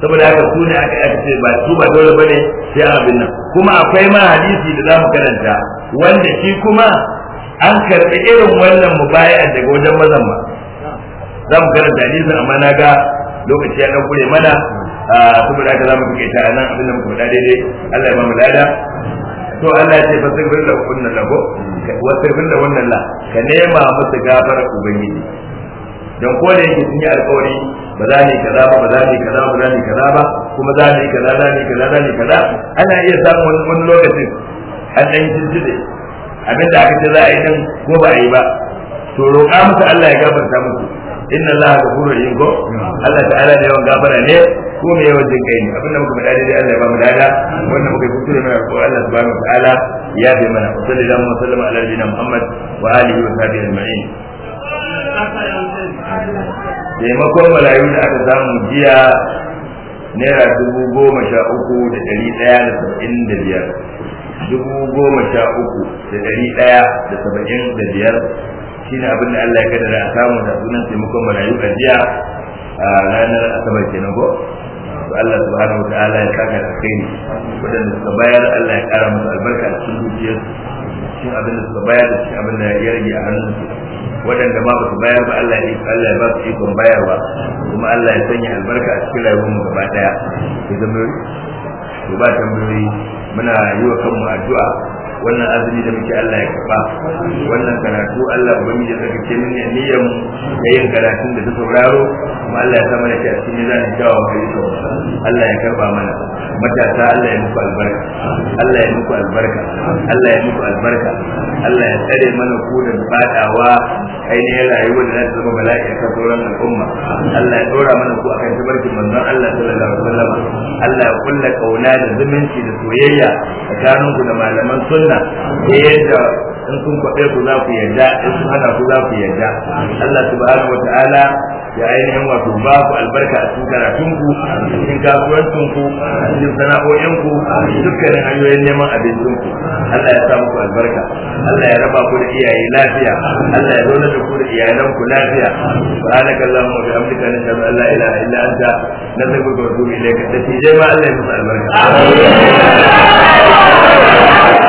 saboda haka su ne aka yi ce ba su ba dole ba ne sai abin nan kuma akwai ma hadisi da za mu karanta wanda shi kuma an karɓi irin wannan mu baya daga wajen mazan ma za mu karanta hadisi amma na ga lokaci ya ɗaukure mana saboda haka za mu fi ta nan abin da muka faɗa daidai Allah ya mamu lada to Allah ce fa sirrin da wannan lago wa sirrin da wannan la ka nema masa gafara ubangiji don ko da yake sun yi alkawari ba za ni kaza ba ba za ni kaza ba za ni kaza ba kuma za ni kaza za ni kaza za ni kaza ana iya samun wani lokacin an dan jinjide abin da aka ce za a yi din ko ba a yi ba to roƙa musu Allah ya gafarta musu inna Allah ghafurur rahim ko Allah ta'ala da yawan gafara ne ko me yawan jin kai ne abin da muka faɗa dai Allah ya ba mu dada wannan muka kuskure mana ko Allah subhanahu wa ta'ala ya bi mana sallallahu alaihi wa sallam ala nabiyina Muhammad wa alihi wa sahbihi ajma'in taimakon malayu da aka samu jiya naira dubu goma sha uku da ɗari ɗaya da saba'in da biyar dubu goma sha uku da ɗari ɗaya da saba'in da biyar shi ne abin da Allah ya kadara a samu da sunan taimakon malayu a jiya a ranar asabar kenan ko Allah subhanahu wa ta'ala ya kaka da kai waɗanda suka bayar Allah ya kara musu albarka a cikin dukiyarsu shi abin da suka bayar da shi abin da ya rage a hannun su waɗanda ma ba su bayar ba Allah ya Allah ya ba su ikon bayarwa kuma Allah ya sanya albarka a cikin rayuwar mu gaba daya ya zama ba tambayoyi muna yi wa kanmu addu'a wannan azumi da muke Allah ya karba wannan karatu Allah ubangiji ya saka cikin niyyar mu da yin karatun da ta sauraro kuma Allah ya sa mana shi a cikin mizanin kyawawan ayyuka Allah ya karba mana matasa Allah ya muku albarka Allah ya muku albarka Allah ya muku albarka Allah ya tsare mana ku da fadawa ainihin rayuwar da za ta zama bala'i ta sauran al'umma Allah ya dora mana ku akan tabarkin manzon Allah sallallahu alaihi wasallam Allah ya kulla kauna da zumunci da soyayya tsakaninku da malaman sunna wannan da yadda in sun kwaɗe ku za ku yarda in sun hana ku za ku yarda Allah subhanahu wa ta'ala ya ainihin wato ba ku albarka a cikin karatunku a cikin kasuwancinku a cikin sana'o'inku dukkanin hanyoyin neman abincinku Allah ya sa muku albarka Allah ya raba ku da iyaye lafiya Allah ya zauna da ku da ku lafiya subhanaka allahumma wa bihamdika nashhadu an la ilaha illa anta nastaghfiruka wa natubu ilayka da tijai ma Allah ya musu albarka